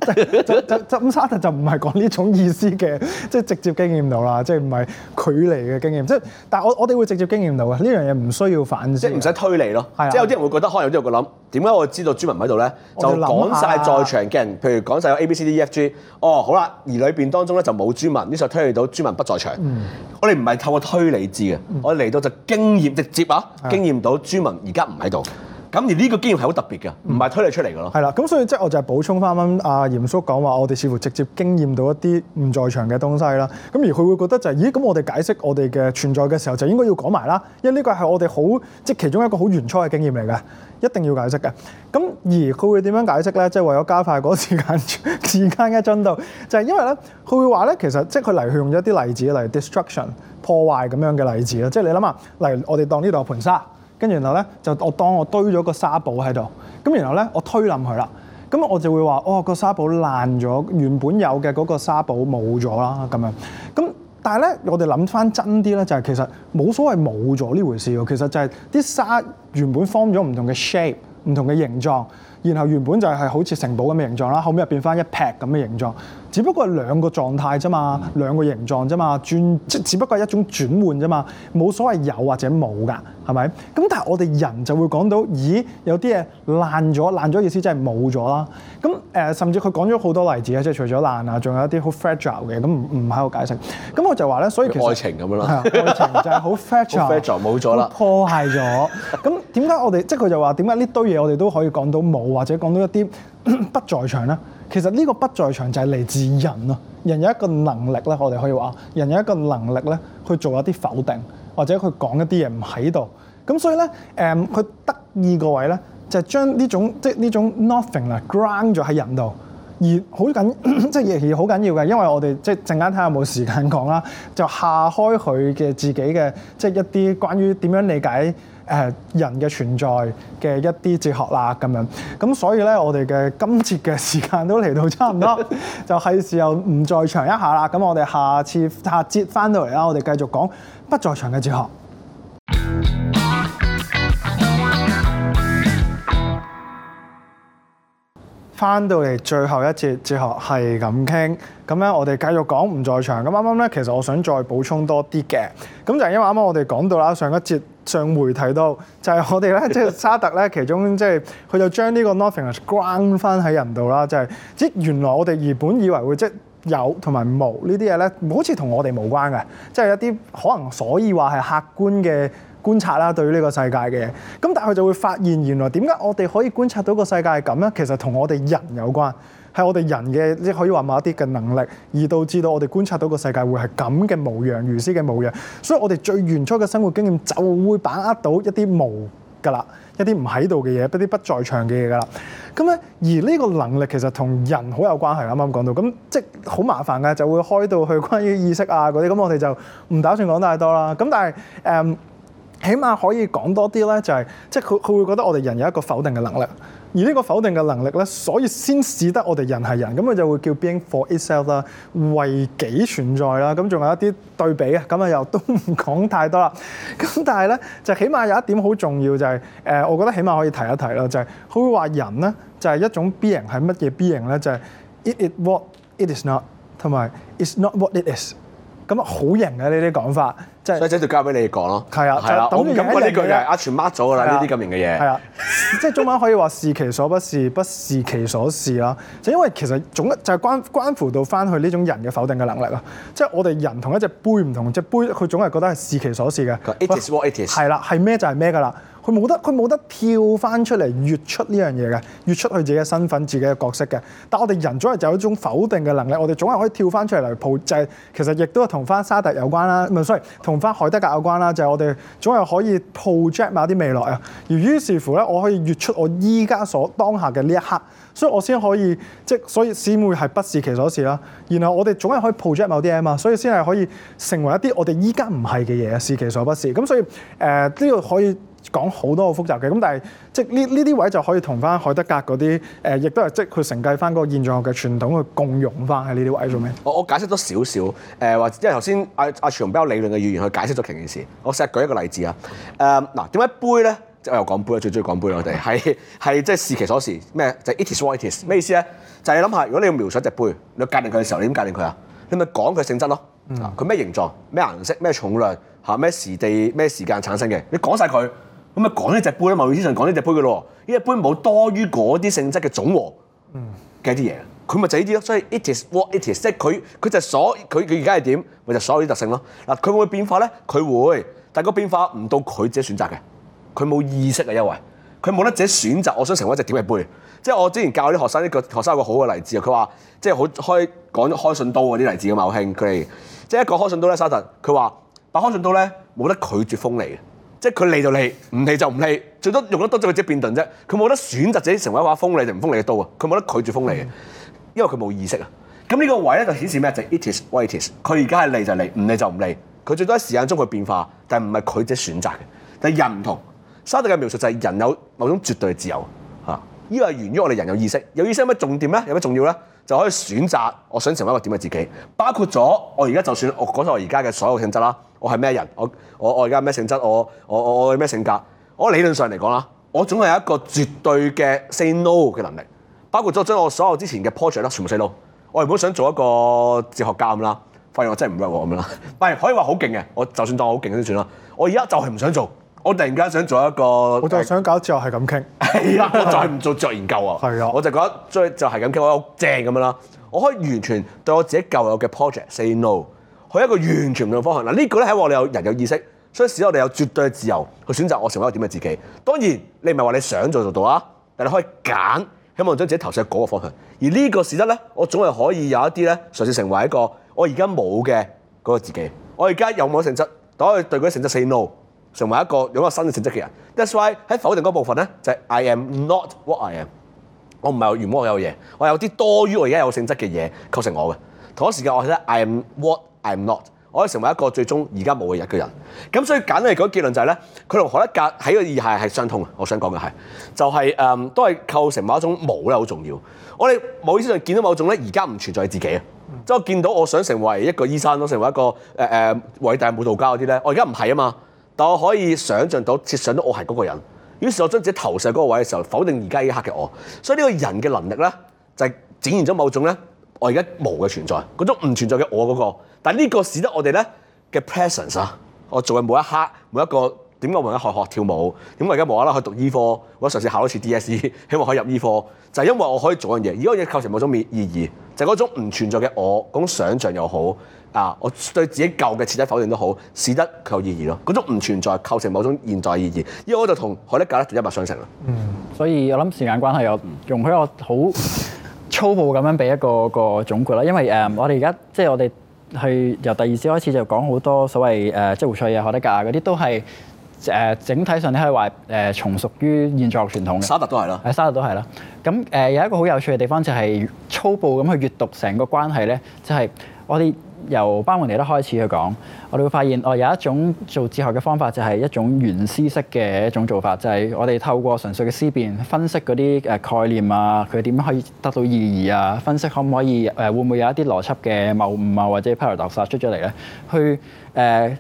就唔沙特就唔係講呢種意思嘅，即、就、係、是、直接經驗到啦，即係唔係距離嘅經驗，即、就、係、是、但係我。我哋會直接經驗到嘅，呢樣嘢唔需要反思的，即係唔使推理咯。的即係有啲人會覺得，可能有啲人會諗，點解我知道朱文唔喺度咧？就講晒在場嘅人，譬如講晒有 A、B、C、D、E、F、G，哦，好啦，而裏邊當中咧就冇朱文，呢就推理到朱文不在場。嗯、我哋唔係透過推理知嘅，我哋嚟到就經驗直接啊，經驗到朱文而家唔喺度。的咁而呢個經驗係好特別嘅，唔係推理出嚟嘅咯。係啦，咁所以即係我就係補充翻啱阿、啊、嚴叔講話，我哋似乎直接經驗到一啲唔在場嘅東西啦。咁而佢會覺得就係、是，咦？咁我哋解釋我哋嘅存在嘅時候，就應該要講埋啦，因為呢個係我哋好即係其中一個好原初嘅經驗嚟嘅，一定要解釋嘅。咁而佢會點樣解釋咧？即、就、係、是、為咗加快嗰時間 時間嘅進度，就係、是、因為咧，佢會話咧，其實即係佢嚟去用咗一啲例子嚟 destruction 破壞咁樣嘅例子啦。即、就是、你諗下，例如我哋當呢度有盆沙。跟住然後咧，就我當我堆咗個沙堡喺度，咁然後咧，我推冧佢啦，咁我就會話：哦，個沙堡爛咗，原本有嘅嗰個沙堡冇咗啦，咁樣。咁但係咧，我哋諗翻真啲咧，就係其實冇所謂冇咗呢回事喎。其實就係啲沙原本 form 咗唔同嘅 shape，唔同嘅形狀，然後原本就係好似城堡咁嘅形狀啦，後尾又變翻一劈咁嘅形狀。只不過係兩個狀態啫嘛，嗯、兩個形狀啫嘛，轉即只不過係一種轉換啫嘛，冇所謂有或者冇㗎，係咪？咁但係我哋人就會講到，咦，有啲嘢爛咗，爛咗意思即係冇咗啦。咁誒、呃，甚至佢講咗好多例子啊，即係除咗爛啊，仲有一啲好 fragile 嘅，咁唔唔喺度解釋。咁我就話咧，所以其實愛情咁樣咯，愛情就係好 fragile，冇咗啦，破壞咗。咁點解我哋即係佢就話點解呢堆嘢我哋都可以講到冇或者講到一啲 不在場咧？其實呢個不在場就係嚟自人啊。人有一個能力咧，我哋可以話，人有一個能力咧，去做一啲否定，或者佢講一啲嘢唔喺度。咁所以咧，誒、嗯、佢得意個位咧，就係將呢種即係呢種 nothing 啦，ground 咗喺人度，而好緊即係亦好緊要嘅，因為我哋即係陣間睇下有冇時間講啦，就下開佢嘅自己嘅即係一啲關於點樣理解。誒、呃、人嘅存在嘅一啲哲學啦，咁樣咁所以呢，我哋嘅今節嘅時間都嚟到差唔多， 就係時候唔在場一下啦。咁我哋下次下節翻到嚟啦，我哋繼續講不在場嘅哲學。翻到嚟最後一節哲學係咁傾，咁咧我哋繼續講唔在場。咁啱啱呢，其實我想再補充多啲嘅，咁就因為啱啱我哋講到啦，上一節。上回提到就係、是、我哋咧，即、就、係、是、沙特咧，其中即係佢就將、是、呢個 nothingness 關翻喺人度啦，就係、是、即原來我哋原本以為會即係、就是、有同埋冇呢啲嘢咧，好似同我哋無關嘅，即、就、係、是、一啲可能所以話係客觀嘅觀察啦，對於呢個世界嘅嘢。咁但係佢就會發現，原來點解我哋可以觀察到個世界係咁咧？其實同我哋人有關。係我哋人嘅，即可以話某一啲嘅能力，而導致到我哋觀察到個世界會係咁嘅模樣，如斯嘅模樣。所以我哋最原初嘅生活經驗就會把握到一啲無㗎啦，一啲唔喺度嘅嘢，一啲不在場嘅嘢㗎啦。咁咧，而呢個能力其實同人好有關係。啱啱講到，咁即係好麻煩㗎，就會開到去關於意識啊嗰啲。咁我哋就唔打算講太多啦。咁但係誒、嗯，起碼可以講多啲咧，就係、是、即係佢佢會覺得我哋人有一個否定嘅能力。而呢個否定嘅能力咧，所以先使得我哋人係人咁啊，就會叫 being for itself 啦，為己存在啦。咁仲有一啲對比啊，咁啊又都唔講太多啦。咁但係咧，就起碼有一點好重要就係誒，我覺得起碼可以提一提咯，就係佢會話人咧就係一種 being 係乜嘢 being 咧，就係 it is what it is not，同埋 it's not what it is、啊。咁啊好型嘅呢啲講法。即係，所以就交俾你哋講咯。係啊，係啦，咁咁呢句阿全 mark 咗㗎啦。呢啲咁型嘅嘢係啊，即係中文可以話是其所不是，不是其所是啦。就因為其實總就係關關乎到翻去呢種人嘅否定嘅能力啦。即係我哋人同一隻杯唔同，隻杯佢總係覺得係是其所是嘅。It is what it is. 係啦，係咩就係咩㗎啦。佢冇得，佢冇得跳翻出嚟，越出呢樣嘢嘅，越出佢自己嘅身份、自己嘅角色嘅。但我哋人總係就有一種否定嘅能力，我哋總係可以跳翻出嚟嚟 project，就係其實亦都係同翻沙特有關啦，唔係，所以同翻海德格有關啦。就係、是、我哋總係可以 project 某啲未來啊。而於是乎咧，我可以越出我依家所當下嘅呢一刻，所以我先可以即係，所以先會係不是其所是啦。然後我哋總係可以 project 某啲嘢啊嘛，所以先係可以成為一啲我哋依家唔係嘅嘢，是其所不是。咁所以誒，呢、呃這個可以。講好多好複雜嘅，咁但係即係呢呢啲位就可以同翻海德格嗰啲誒，亦都係即係佢承繼翻嗰個現象學嘅傳統去共融翻喺呢啲位做咩？我我解釋咗少少誒，或、呃、者因為頭先阿阿全比較理論嘅語言去解釋咗呢件事，我成日舉一個例子啊。誒，嗱點解杯咧？即我又講杯啦，最中意講杯，我哋係係即係視其所視咩？就是、it is what it is，咩意思咧？就係、是、你諗下，如果你要描述隻杯，你要界定佢嘅時候，你點界定佢啊？你咪講佢性質咯，佢咩、嗯、形狀、咩顏色、咩重量嚇、咩時地、咩時間產生嘅，你講晒佢。咁咪講呢隻杯咧？馬爾思上講呢隻杯嘅咯，呢隻杯冇多於嗰啲性質嘅總和嘅啲嘢，佢咪、嗯、就呢啲咯。所以 it is what it is，即係佢佢就所佢佢而家係點，咪就是、所有啲特性咯。嗱，佢會唔會變化咧？佢會，但係個變化唔到佢自己選擇嘅，佢冇意識啊，因為佢冇得自己選擇。我想成為一隻點嘅杯，即係我之前教啲學生一個學生有個好嘅例子啊。佢話即係好開講開信刀嗰啲例子嘅茂興，佢即係一個開信刀咧，沙特佢話，但係開信刀咧冇得拒絕鋒利嘅。即係佢嚟就嚟，唔嚟就唔嚟，最多用得多咗佢自己變鈍啫。佢冇得選擇自己成為一把鋒利定唔鋒利嘅刀啊！佢冇得拒絕鋒利嘅，因為佢冇意識啊。咁呢個位咧就顯示咩？就係、It is, what it is。佢而家係嚟就嚟，唔嚟就唔嚟。佢最多喺時間中佢變化，但係唔係佢自己選擇嘅。但係人唔同，沙特嘅描述就係人有某種絕對嘅自由嚇。依、啊、個係源於我哋人有意識，有意識有咩重點咧？有咩重要咧？就可以選擇我想成為一個點嘅自己，包括咗我而家就算我講咗我而家嘅所有性質啦。我係咩人？我我我而家咩性質？我我我咩性格？我理論上嚟講啦，我總係有一個絕對嘅 say no 嘅能力，包括咗將我所有之前嘅 project 啦全部 say no。我原本想做一個哲學家咁啦，發現我真係唔 work 我咁啦。但係可以話好勁嘅，我就算當我好勁都算啦。我而家就係唔想做，我突然間想做一個我就係想搞哲學係咁傾，係啊，我就係唔做著研究啊，係啊，我就覺得即就係咁傾，我好正咁樣啦，我可以完全對我自己舊有嘅 project say no。佢一個完全唔同嘅方向嗱，這個、呢個咧喺我哋有人有意識，所以使我哋有絕對嘅自由去選擇我成為一個點嘅自己。當然你唔係話你想做就做啊，但係你可以揀希望將自己投射喺嗰個方向。而這個事呢個使得咧，我總係可以有一啲咧嘗試成為一個我而家冇嘅嗰個自己。我而家有冇個性質，我可以對嗰個性質 say no，成為一個有個新嘅性質嘅人。That's why 喺否定嗰部分咧，就係、是、I am not what I am。我唔係原本我有嘢，我有啲多於我而家有性質嘅嘢構成我嘅。同一時間我係得 I am what I'm not，我可以成為一個最終而家冇嘅人嘅人。咁所以簡單嚟講、就是，結論就係咧，佢同海德格喺個意下係相通嘅。我想講嘅係，就係、是、誒、嗯、都係構成某一種「冇」咧，好重要。我哋冇意思上見到某種咧，而家唔存在自己啊。即係我見到我想成為一個醫生咯，我成為一個誒誒偉大舞蹈家嗰啲咧，我而家唔係啊嘛。但我可以想像到、設想到我係嗰個人，於是，我將自己投射嗰個位嘅時候，否定而家依刻嘅我。所以呢個人嘅能力咧，就係、是、展現咗某種咧，我而家「冇」嘅存在，嗰種唔存在嘅我嗰、那個。但呢個使得我哋咧嘅 presence 啊，我做嘅每一刻，每一個點解我為咗學,學跳舞，點解而家無可啦去以讀醫科，我嘗試考多次 DSE 希望可以入醫科，就係、是、因為我可以做樣嘢，而個嘢構成某種意意義，就係、是、嗰種唔存在嘅我，嗰種想像又好啊，我對自己舊嘅徹底否定都好，使得佢有意義咯。嗰種唔存在構成某種現在意義，依個就同海德格一脈相承啦。嗯，所以我諗時間關係，我容許我好粗暴咁樣俾一個一個總括啦，因為誒、呃、我哋而家即係我哋。係由第二節開始就講好多所謂誒、呃、即胡塞爾、海德格嗰啲都係誒、呃、整體上你可以話誒、呃、從屬於現象學傳統嘅、嗯。沙特都係啦，係沙特都係啦。咁、呃、誒有一個好有趣嘅地方就係粗暴咁去閱讀成個關係咧，就係、是、我哋。由巴門尼德開始去講，我哋會發現，哦，有一種做哲學嘅方法，就係一種原思式嘅一種做法，就係、是、我哋透過純粹嘅思辨，分析嗰啲誒概念啊，佢點可以得到意義啊？分析可唔可以誒、呃？會唔會有一啲邏輯嘅謬誤啊，或者 paradox 出咗嚟咧？去誒。呃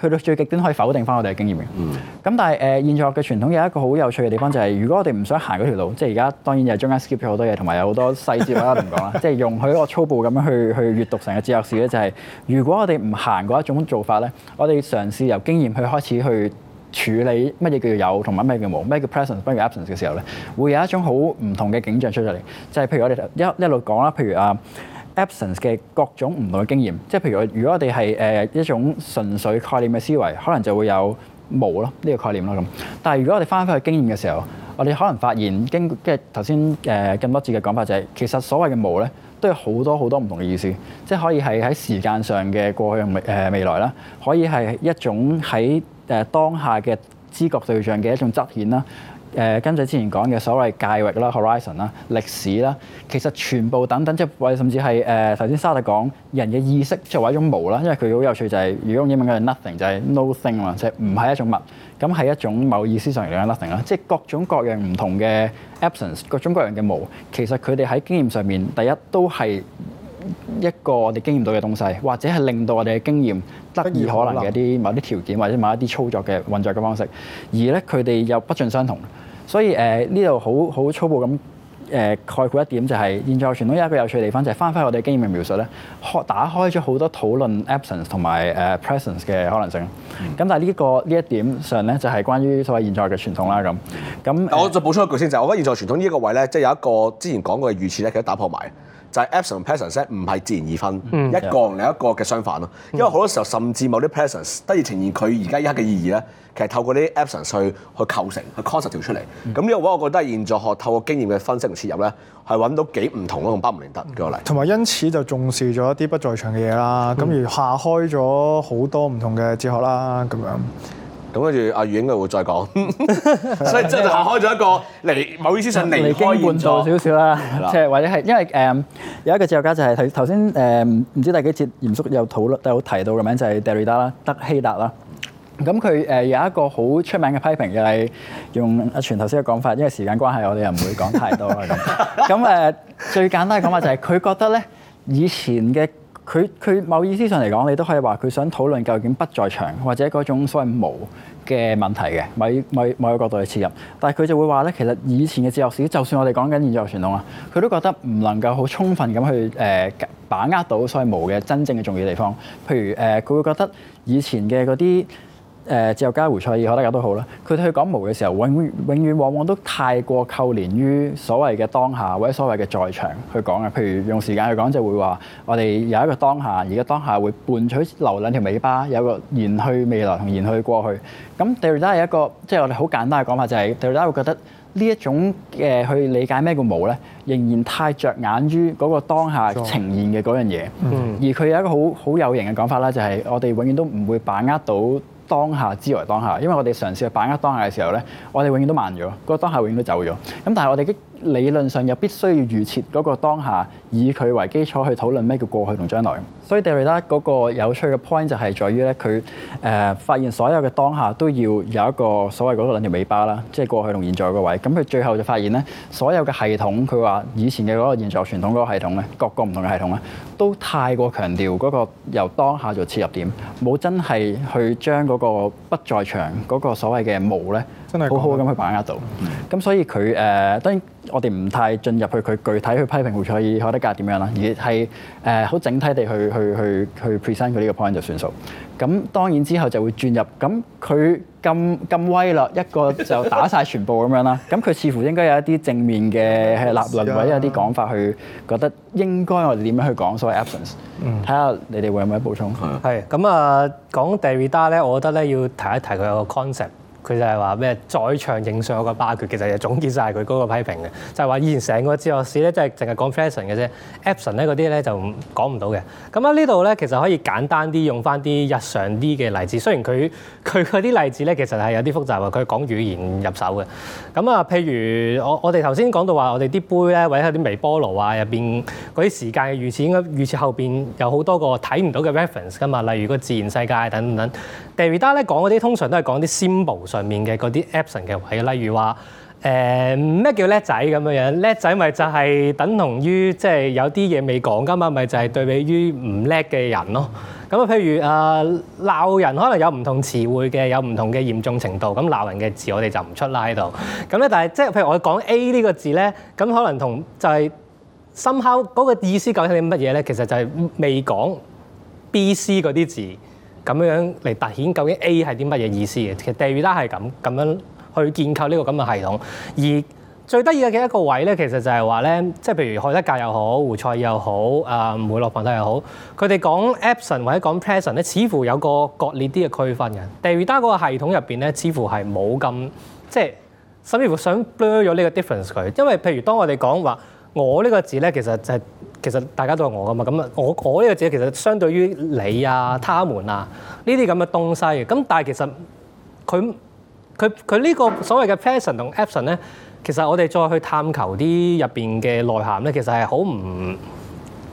去到最極端可以否定翻我哋嘅經驗嘅，咁、嗯、但係誒、呃、現象學嘅傳統有一個好有趣嘅地方就係、是，如果我哋唔想行嗰條路，即係而家當然又中間 skip 咗好多嘢，同埋有好多細節啦，唔講啦， 即係容許我粗暴咁樣去去閲讀成個哲學史咧，就係、是、如果我哋唔行嗰一種做法咧，我哋嘗試由經驗去開始去處理乜嘢叫做有同乜嘢叫冇，乜嘢叫 presence，乜嘢叫 absence 嘅時候咧，會有一種好唔同嘅景象出咗嚟，就係、是、譬如我哋一一路講啦，譬如啊。Absence 嘅各種唔同嘅經驗，即係譬如如果我哋係誒一種純粹概念嘅思維，可能就會有無咯呢個概念咯咁。但係如果我哋翻返去經驗嘅時候，我哋可能發現，經即係頭先誒咁多字嘅講法就係、是，其實所謂嘅無咧都有好多好多唔同嘅意思，即係可以係喺時間上嘅過去同未來啦，可以係一種喺誒當下嘅知覺對象嘅一種側顯啦。誒，跟住之前講嘅所謂界域啦、horizon 啦、歷史啦，其實全部等等，即係或者甚至係誒頭先沙特講人嘅意識，即係一種無啦，因為佢好有趣就係、如果、用英文講係 nothing，就係 no thing 嘛，即係唔係一種物，咁係一種某意思上嚟講 nothing 啦，即係各種各樣唔同嘅 absence，各種各樣嘅無。其實佢哋喺經驗上面，第一都係一個我哋經驗到嘅東西，或者係令到我哋嘅經驗得以可能嘅一啲某啲條件或者某一啲操作嘅運作嘅方式，而咧佢哋又不盡相同。所以誒呢度好好粗暴咁誒、呃、概括一點、就是，就係現在傳統有一個有趣地方，就係翻返我哋經驗嘅描述咧，開打開咗好多討論 absence 同埋誒 presence 嘅可能性。咁、嗯、但係、這、呢個呢一點上咧，就係、是、關於所謂現在嘅傳統啦咁。咁，我再補充一個句先就是，我覺得現在傳統呢個個位咧，即、就、係、是、有一個之前講過嘅預設咧，其實打破埋。就係 absence 同 presence 咧，唔係自然而分，嗯、一個另一個嘅相反咯。嗯、因為好多時候，甚至某啲 presence 得以呈現佢而家依刻嘅意義咧，其實透過啲 absence 去去構成，去 concept 掉出嚟。咁呢、嗯、個話，我覺得係現象學透過經驗嘅分析同切入咧，係揾到幾唔同咯，同巴門尼德嘅嚟。同埋因此就重視咗一啲不在場嘅嘢啦，咁、嗯、而下開咗好多唔同嘅哲學啦，咁樣。咁跟住，阿宇應該會再講， 所以即係就開咗一個離， 來某意思上離 半咗少少啦，即係吧 或者係因為誒、呃、有一個哲學家就係頭先誒唔知第幾節嚴肅有討論有提到嘅，名就係 Derrida 啦、德希達啦。咁佢誒有一個好出名嘅批評，又係用阿全頭先嘅講法，因為時間關係，我哋又唔會講太多啊。咁誒最簡單嘅講法就係、是、佢覺得咧以前嘅。佢佢某意思上嚟講，你都可以話佢想討論究竟不在場或者嗰種所謂無嘅問題嘅，某某某個角度去切入。但係佢就會話咧，其實以前嘅哲學史，就算我哋講緊現象學傳統啊，佢都覺得唔能夠好充分咁去誒、呃、把握到所謂無嘅真正嘅重要地方。譬如誒，佢、呃、會覺得以前嘅嗰啲。誒，自由加胡塞爾，我哋大家都好啦。佢哋去講無嘅時候，永永遠往往都太過扣連於所謂嘅當下或者所謂嘅在場去講嘅。譬如用時間去講，就會話我哋有一個當下，而家當下會伴隨流兩條尾巴，有一個延去未來同延去過去。咁德希達係一個即係、就是、我哋好簡單嘅講法、就是，就係德希達會覺得呢一種誒、呃、去理解咩叫無咧，仍然太着眼於嗰個當下呈現嘅嗰樣嘢。嗯、而佢有一個好好有型嘅講法啦，就係、是、我哋永遠都唔會把握到。當下之為當下，因為我哋嘗試去把握當下嘅時候咧，我哋永遠都慢咗，個當下永遠都走咗。咁但係我哋激。理論上又必須要預設嗰個當下，以佢為基礎去討論咩叫過去同將來。所以德瑞 a 嗰個有趣嘅 point 就係在於咧，佢誒發現所有嘅當下都要有一個所謂嗰個兩條尾巴啦，即係過去同現在個位。咁佢最後就發現咧，所有嘅系統，佢話以前嘅嗰個現在傳統嗰個系統咧，各個唔同嘅系統咧，都太過強調嗰個由當下做切入點，冇真係去將嗰個不在場嗰個所謂嘅無咧。真好好咁去把握到，咁、嗯、所以佢誒、呃、當然我哋唔太進入去佢具體去批評胡塞海德格點樣啦，而係好、呃、整體地去去去去 present 佢呢個 point 就算數。咁當然之後就會轉入，咁佢咁咁威啦， 一個就打晒全部咁樣啦。咁佢似乎應該有一啲正面嘅立論一或者有一啲講法去覺得應該我哋點樣去講所謂 absence、嗯。睇下你哋會有咩補充？係咁啊，uh, 講 Derrida 咧，我覺得咧要提一提佢有個 concept。佢就係話咩在場形上學一個霸權，其實就總結晒佢嗰個批評嘅，就係、是、話以前成個哲學史咧，即係淨係講 present 嘅啫 absent 咧嗰啲咧就講唔到嘅。咁喺呢度咧，其實可以簡單啲用翻啲日常啲嘅例子。雖然佢佢嗰啲例子咧，其實係有啲複雜嘅，佢講語言入手嘅。咁啊，譬如我我哋頭先講到話，我哋啲杯咧，或者啲微波爐啊入邊嗰啲時間預設，應該預設後邊有好多個睇唔到嘅 reference 噶嘛，例如個自然世界等等 Derrida 咧講嗰啲，通常都係講啲 symbol。上面嘅嗰啲 absent 嘅位，例如話誒咩叫叻仔咁樣樣叻仔，咪就係等同於，即係有啲嘢未講噶嘛，咪就係、是、對比於唔叻嘅人咯。咁、嗯、啊，譬如啊鬧、呃、人，可能有唔同詞彙嘅，有唔同嘅嚴重程度。咁、嗯、鬧人嘅字我哋就唔出啦喺度，咁、嗯、咧，但係即係譬如我講 A 呢個字咧，咁可能同就係 somehow 嗰個意思究竟係啲乜嘢咧？其實就係未講 B、C 嗰啲字。咁樣嚟凸顯究竟 A 係啲乜嘢意思嘅？其實 Derrida 係咁咁樣，樣去建構呢個咁嘅系統，而最得意嘅一個位咧，其實就係話咧，即係譬如海德格又好，胡塞又好，啊、嗯、梅洛龐蒂又好，佢哋講 absent 或者講 present 咧，似乎有個割裂啲嘅區分嘅。Derrida 嗰個系統入邊咧，似乎係冇咁即係，甚至乎想 blur 咗呢個 difference 佢，因為譬如當我哋講話我呢個字咧，其實就係、是。其實大家都係我噶嘛，咁啊，我我呢個字其實相對於你啊、他們啊呢啲咁嘅東西嘅，咁但係其實佢佢佢呢個所謂嘅 passion 同 action 咧，其實我哋再去探求啲入邊嘅內涵咧，其實係好唔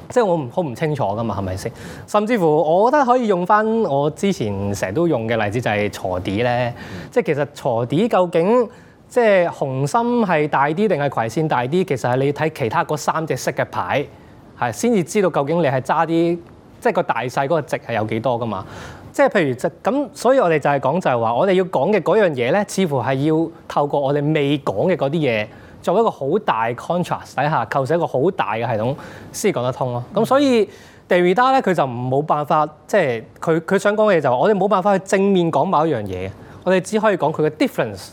即係我好唔清楚噶嘛，係咪先？甚至乎，我覺得可以用翻我之前成日都用嘅例子就係、是、鋤底呢咧、嗯，即係其實鋤底究竟即係紅心係大啲定係葵扇大啲，其實係你睇其他嗰三隻色嘅牌。係，先至知道究竟你係揸啲，即係個大細嗰個值係有幾多噶嘛？即係譬如就咁，所以我哋就係講就係話，我哋要講嘅嗰樣嘢咧，似乎係要透過我哋未講嘅嗰啲嘢，作為一個好大 contrast 底下構成一個好大嘅系統，先至講得通咯。咁、嗯、所以 Derrida 咧，佢就冇辦法，即係佢佢想講嘅嘢就係，我哋冇辦法去正面講某一樣嘢，我哋只可以講佢嘅 difference。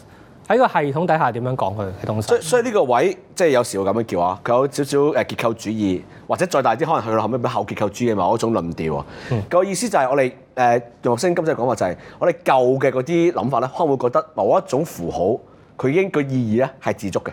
喺個系統底下點樣講佢嘅東西？所以所以呢個位，即係有時會咁樣叫啊，佢有少少誒結構主義，或者再大啲，可能係佢後尾咩後結構主義某一種論調啊。嗯、個意思就係、是、我哋誒、呃、同學生今次講話就係、是、我哋舊嘅嗰啲諗法咧，可能會覺得某一種符號佢已經個意義咧係自足嘅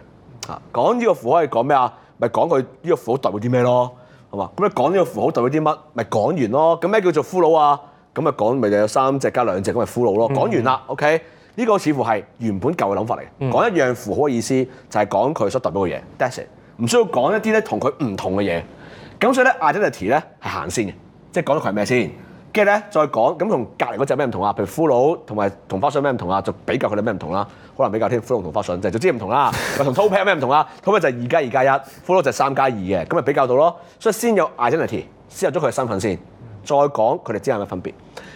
啊。講呢個符號係講咩啊？咪講佢呢個符號代表啲咩咯？係嘛？咁你講呢個符號代表啲乜？咪講完咯。咁咩叫做俘虜啊？咁咪講咪就有三隻加兩隻咁咪俘虜咯。講、嗯、完啦，OK。呢個似乎係原本舊嘅諗法嚟嘅，講一樣符號嘅意思就係講佢所代表嘅嘢。d e s s 唔需要講一啲咧同佢唔同嘅嘢。咁所以咧，identity 咧係行先嘅，即係講到佢係咩先，跟住咧再講，咁同隔離嗰隻咩唔同啊？譬如骷髏同埋同花順咩唔同啊？就比較佢哋咩唔同啦，可能比較啲骷髏同花順就係就知唔同啦，同 t o p 有咩唔同啦 t o p p 就係二加二加一，骷髏 就係三加二嘅，咁咪比較到咯。所以先有 identity，先有咗佢嘅身份先，再講佢哋之間有咩分別。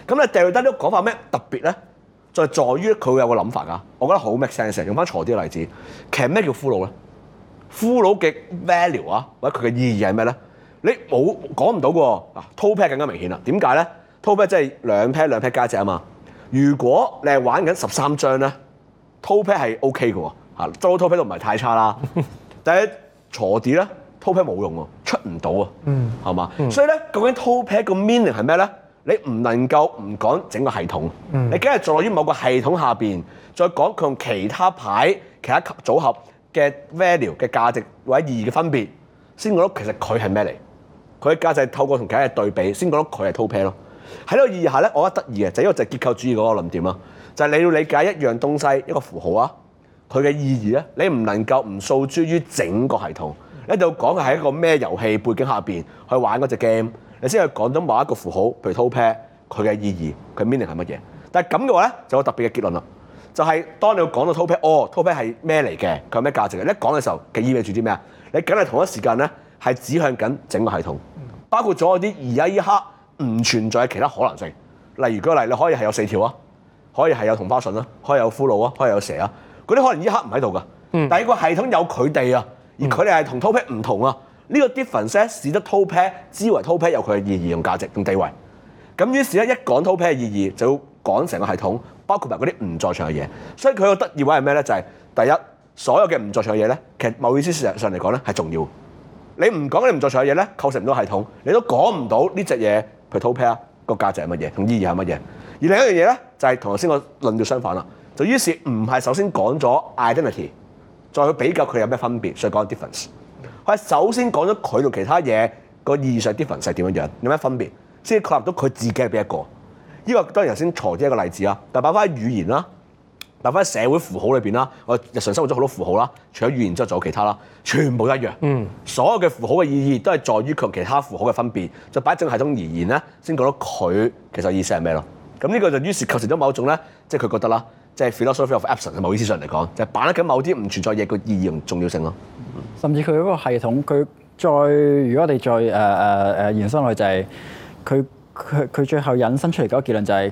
咁咧德希達啲講法咩特別咧？就在於佢會有個諗法㗎，我覺得好 make sense 嘅。用翻鋤 D 例子，其實咩叫俘虜咧？俘虜嘅 value 啊，或者佢嘅意義係咩咧？你冇講唔到嘅喎。啊，top pair 更加明顯啦。點解咧？top pair 即係兩 pair 兩 pair 加隻啊嘛。如果你係玩緊十三張咧，top pair 係 OK 嘅喎，嚇，做 top pair 都唔係太差啦。但係， 鋤 D 咧，top pair 冇用喎，出唔到啊，係嘛？ 所以咧，究竟 top pair 個 meaning 係咩咧？你唔能夠唔講整個系統，你梗係坐落於某個系統下邊，再講佢同其他牌、其他組合嘅 value 嘅價值或者意義嘅分別，先覺得其實佢係咩嚟？佢嘅價值係透過同其他嘅對比先覺得佢係 top pair 咯。喺呢個意義下咧，我覺得得意嘅就因為就係結構主義嗰個論點啦，就係你要理解一樣東西，一個符號啊，佢嘅意義咧，你唔能夠唔訴諸於整個系統，你一定要講係喺一個咩遊戲背景下邊去玩嗰隻 game。你先去講到某一個符號，譬如 top pair，佢嘅意義，佢 meaning 係乜嘢？但係咁嘅話咧，就有特別嘅結論啦。就係、是、當你講到 top pair，哦 top pair 係咩嚟嘅？佢有咩價值？你一講嘅時候，佢意味住啲咩啊？你梗係同一時間咧，係指向緊整個系統，包括咗啲而家依刻唔存在嘅其他可能性。例如舉個例子，你可以係有四條啊，可以係有同花順啊，可以有葫蘆啊，可以有蛇啊，嗰啲可能依刻唔喺度噶。但係個系統有佢哋啊，而佢哋係同 top pair 唔同啊。呢個 difference 使得 top pair 之為 top pair 有佢嘅意義同價值同地位，咁於是咧一講 top pair 嘅意義，就要講成個系統，包括埋嗰啲唔在場嘅嘢。所以佢嘅得意位係咩咧？就係、是、第一，所有嘅唔在場嘅嘢咧，其實某意思事實上嚟講咧係重要的。你唔講你唔在場嘅嘢咧，構成唔到系統，你都講唔到呢隻嘢，譬如 top pair 個價值係乜嘢同意義係乜嘢。而另一樣嘢咧就係同頭先個論調相反啦。就於是唔係首先講咗 identity，再去比較佢有咩分別，所以講 difference。首先講咗佢同其他嘢、個意義上啲分別點樣樣，有咩分別，先確立到佢自己係邊一個。呢個當然頭先財啲一個例子啦，但擺翻喺語言啦，擺翻喺社會符號裏邊啦，我日常生活中好多符號啦，除咗語言之外仲有其他啦，全部都一樣。嗯，所有嘅符號嘅意義都係在於佢同其他符號嘅分別。就擺正系統而言咧，先講到佢其實意思係咩咯？咁呢個就於是構成咗某種咧，即係佢覺得啦，即係 philosophy of absence，某意思上嚟講，就係擺甩緊某啲唔存在嘢個意義同重要性咯。甚至佢嗰個系統，佢再如果我哋再誒誒誒延伸落去，就係佢佢佢最後引申出嚟嗰個結論，就係，就係，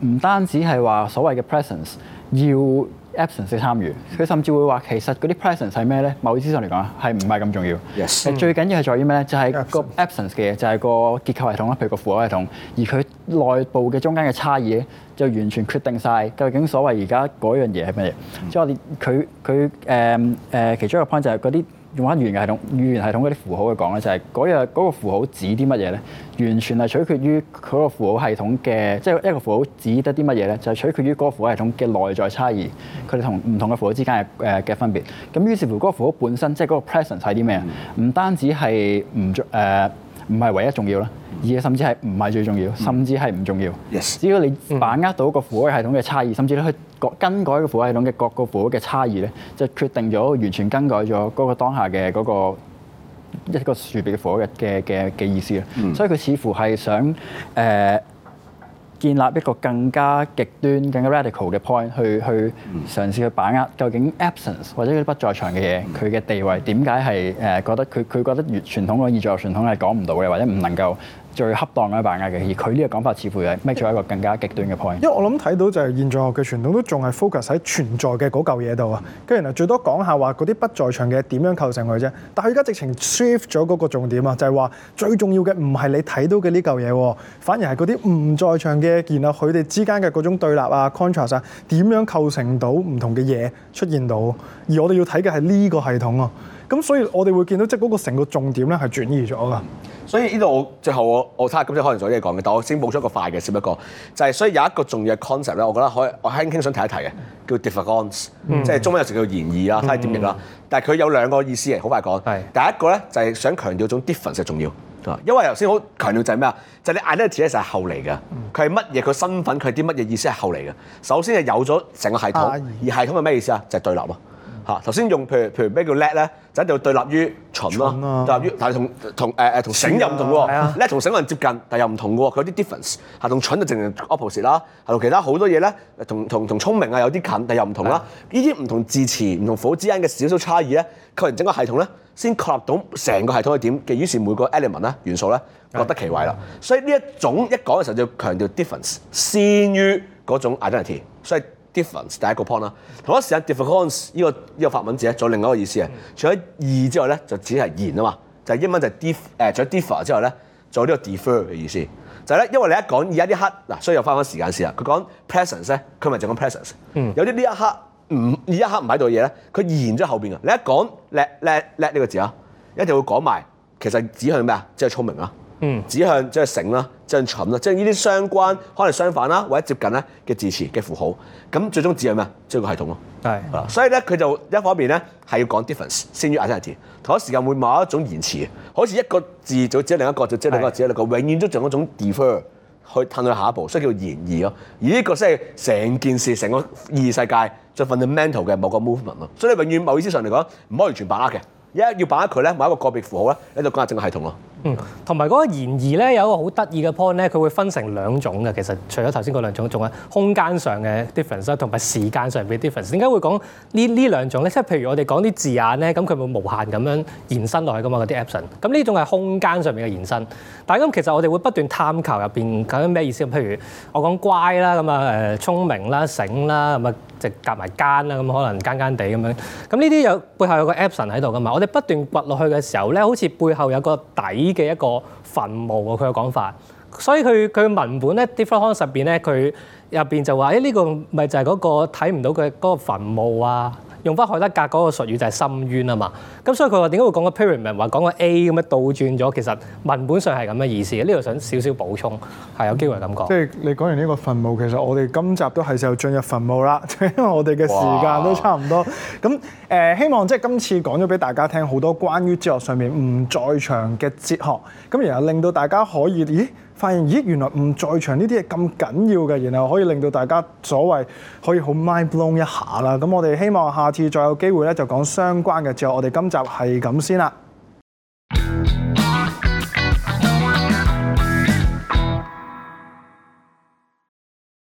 唔單止係話所謂嘅 presence 要 absence 嘅參與，佢甚至會話其實嗰啲 presence 係咩咧？某意思上嚟講啊，係唔係咁重要？Yes。嗯、最緊要係在於咩咧？就係、是、個 absence 嘅嘢，就係、是、個結構系統啦，譬如個符號系統，而佢內部嘅中間嘅差異咧，就完全決定晒究竟所謂而家嗰樣嘢係咩嘢。嗯。即係我哋佢佢誒誒其中一個 point 就係嗰啲。用翻語言系統，語言系統嗰啲符號去講咧，就係嗰日嗰個符號指啲乜嘢咧？完全係取決於嗰個符號系統嘅，即係一個符號指得啲乜嘢咧？就係取決於嗰個符號系統嘅內在差異，佢哋同唔同嘅符號之間嘅誒嘅分別。咁於是乎嗰個符號本身，即係嗰個 presence 係啲咩啊？唔單止係唔重誒，唔係唯一重要啦，而且甚至係唔係最重要，甚至係唔重要。只要你把握到個符號系統嘅差異，甚至都各更改個符號系統嘅各個符號嘅差異咧，就決定咗完全更改咗嗰個當下嘅嗰個一個樹別嘅符號嘅嘅嘅嘅意思啦。所以佢似乎係想誒建立一個更加極端、更加 radical 嘅 point，去去嘗試去把握究竟 absence 或者嗰啲不在場嘅嘢，佢嘅地位點解係，誒覺得佢佢覺得傳統嘅二在場傳統係講唔到嘅，或者唔能夠。最恰當嘅把握嘅，而佢呢個講法似乎係 make 咗一個更加極端嘅 point。因為我諗睇到就係現象學嘅傳統都仲係 focus 喺存在嘅嗰嚿嘢度啊，跟住嗱最多講下話嗰啲不在場嘅點樣構成佢啫。但係佢而家直情 shift 咗嗰個重點啊，就係話最重要嘅唔係你睇到嘅呢嚿嘢，反而係嗰啲唔在場嘅，然後佢哋之間嘅嗰種對立啊、contrast 啊，點樣構成到唔同嘅嘢出現到？而我哋要睇嘅係呢個系統啊。咁所以，我哋會見到即係嗰個成個重點咧，係轉移咗㗎。所以呢度最後我我睇下今次可能仲有嘢講嘅，但我先補咗一個快嘅，少一個就係、是、所以有一個重要嘅 concept 咧，我覺得可以，我輕輕想提一提嘅，叫 difference 即係中文有時候叫言異延異啦，睇下點譯啦。嗯、但係佢有兩個意思嘅，好快講。是第一個咧就係、是、想強調一種 difference 嘅重要，因為頭先好強調就係咩啊？就係、是、你 identity 咧就係後嚟嘅，佢係乜嘢？佢身份佢係啲乜嘢意思係後嚟嘅。首先係有咗成個系統，哎、而系統係咩意思啊？就係、是、對立咯。嚇！頭先、啊、用譬如譬如咩叫叻咧，就一定要對立於蠢咯、啊，蠢啊、對立於，但係、呃、同同誒誒同醒又唔同喎。叻同醒可能接近，但又唔同嘅喎，佢有啲 difference。嚇，同蠢就正正 opposite 啦。同其他好多嘢咧，同同同聰明啊有啲近，但又唔同啦。呢啲唔同字詞、唔同符號之間嘅少少差異咧，構成整個系統咧，先確立到成個系統係點嘅。於是每個 element 啦、元素咧，各得其位啦。啊啊啊、所以呢一種一講嘅時候，就要強調 difference 先於嗰種 identity。所以 Difference，第一個 point 啦，同一時間 difference 依個依個法文字咧，仲有另一個意思啊。除咗二之外咧，就只係延啊嘛，就係、是、英文就係 diff 誒，除咗 diff 之外咧，仲有呢個 defer 嘅意思就係咧，因為你一講而家啲刻嗱，所以又翻返時間試下。佢講 presence 咧，佢咪就講 presence。有啲呢一刻唔呢一刻唔喺度嘅嘢咧，佢延咗後邊嘅。你一講叻叻叻呢個字啊，一定會講埋其實指向咩啊？即係聰明啊！嗯指、就是，指向即係醒啦，指向蠢啦，即係呢啲相關，可能相反啦，或者接近咧嘅字詞嘅符號，咁最終指向咩啊？即、就、係、是、個系統咯。係是 吧。啊，所以咧佢就一方面咧係要講 difference，先於 identity 同一時間會某一種延遲，好似一個字組織另一個組織、就是、另一個字另一個，是 永遠都做一種 defer 去褪去下一步，所以叫延異咯。而呢個即係成件事成個意義世界最 fundamental 嘅某個 movement 咯。所以你永遠某意思上嚟講唔可以完全把握嘅。一要把握佢咧，某一個個別符號咧，你就講下整個系統咯。嗯，同埋嗰個延異咧，有一個好得意嘅 point 咧，佢會分成兩種嘅。其實除咗頭先嗰兩種，仲有空間上嘅 difference，同埋時間上嘅 difference。點解會講呢呢兩種咧？即係譬如我哋講啲字眼咧，咁佢會無限咁樣延伸落去噶嘛，嗰啲 extension。咁呢種係空間上面嘅延伸。但係咁其實我哋會不斷探求入邊究竟咩意思。譬如我講乖啦，咁啊誒聰明啦、醒啦，咁啊。就係夾埋間啦，咁可能間間地咁樣。咁呢啲有背後有個 absent 喺度㗎嘛。我哋不斷掘落去嘅時候咧，好似背後有個底嘅一個墳墓喎。佢嘅講法。所以佢佢文本咧 différance 實入面咧，佢入面就話：呢、哎呢個咪就係嗰、嗰個睇唔到嘅嗰個墳墓啊！用翻海德格嗰個術語就係深淵啊嘛，咁所以佢話點解會講個 period 唔係話講個 A 咁樣倒轉咗？其實文本上係咁嘅意思，呢度想少少補充，係有機會咁講、嗯。即係你講完呢個墳墓，其實我哋今集都係時候進入墳墓啦，因為我哋嘅時間都差唔多。咁誒哇、呃，希望即係今次講咗俾大家聽好多關於哲學上面唔在場嘅哲學，咁然後令到大家可以咦？發現咦，原來唔在場呢啲嘢咁緊要嘅，然後可以令到大家所謂可以好 mind blown 一下啦。咁我哋希望下次再有機會咧，就講相關嘅嘢。之後我哋今集係咁先啦。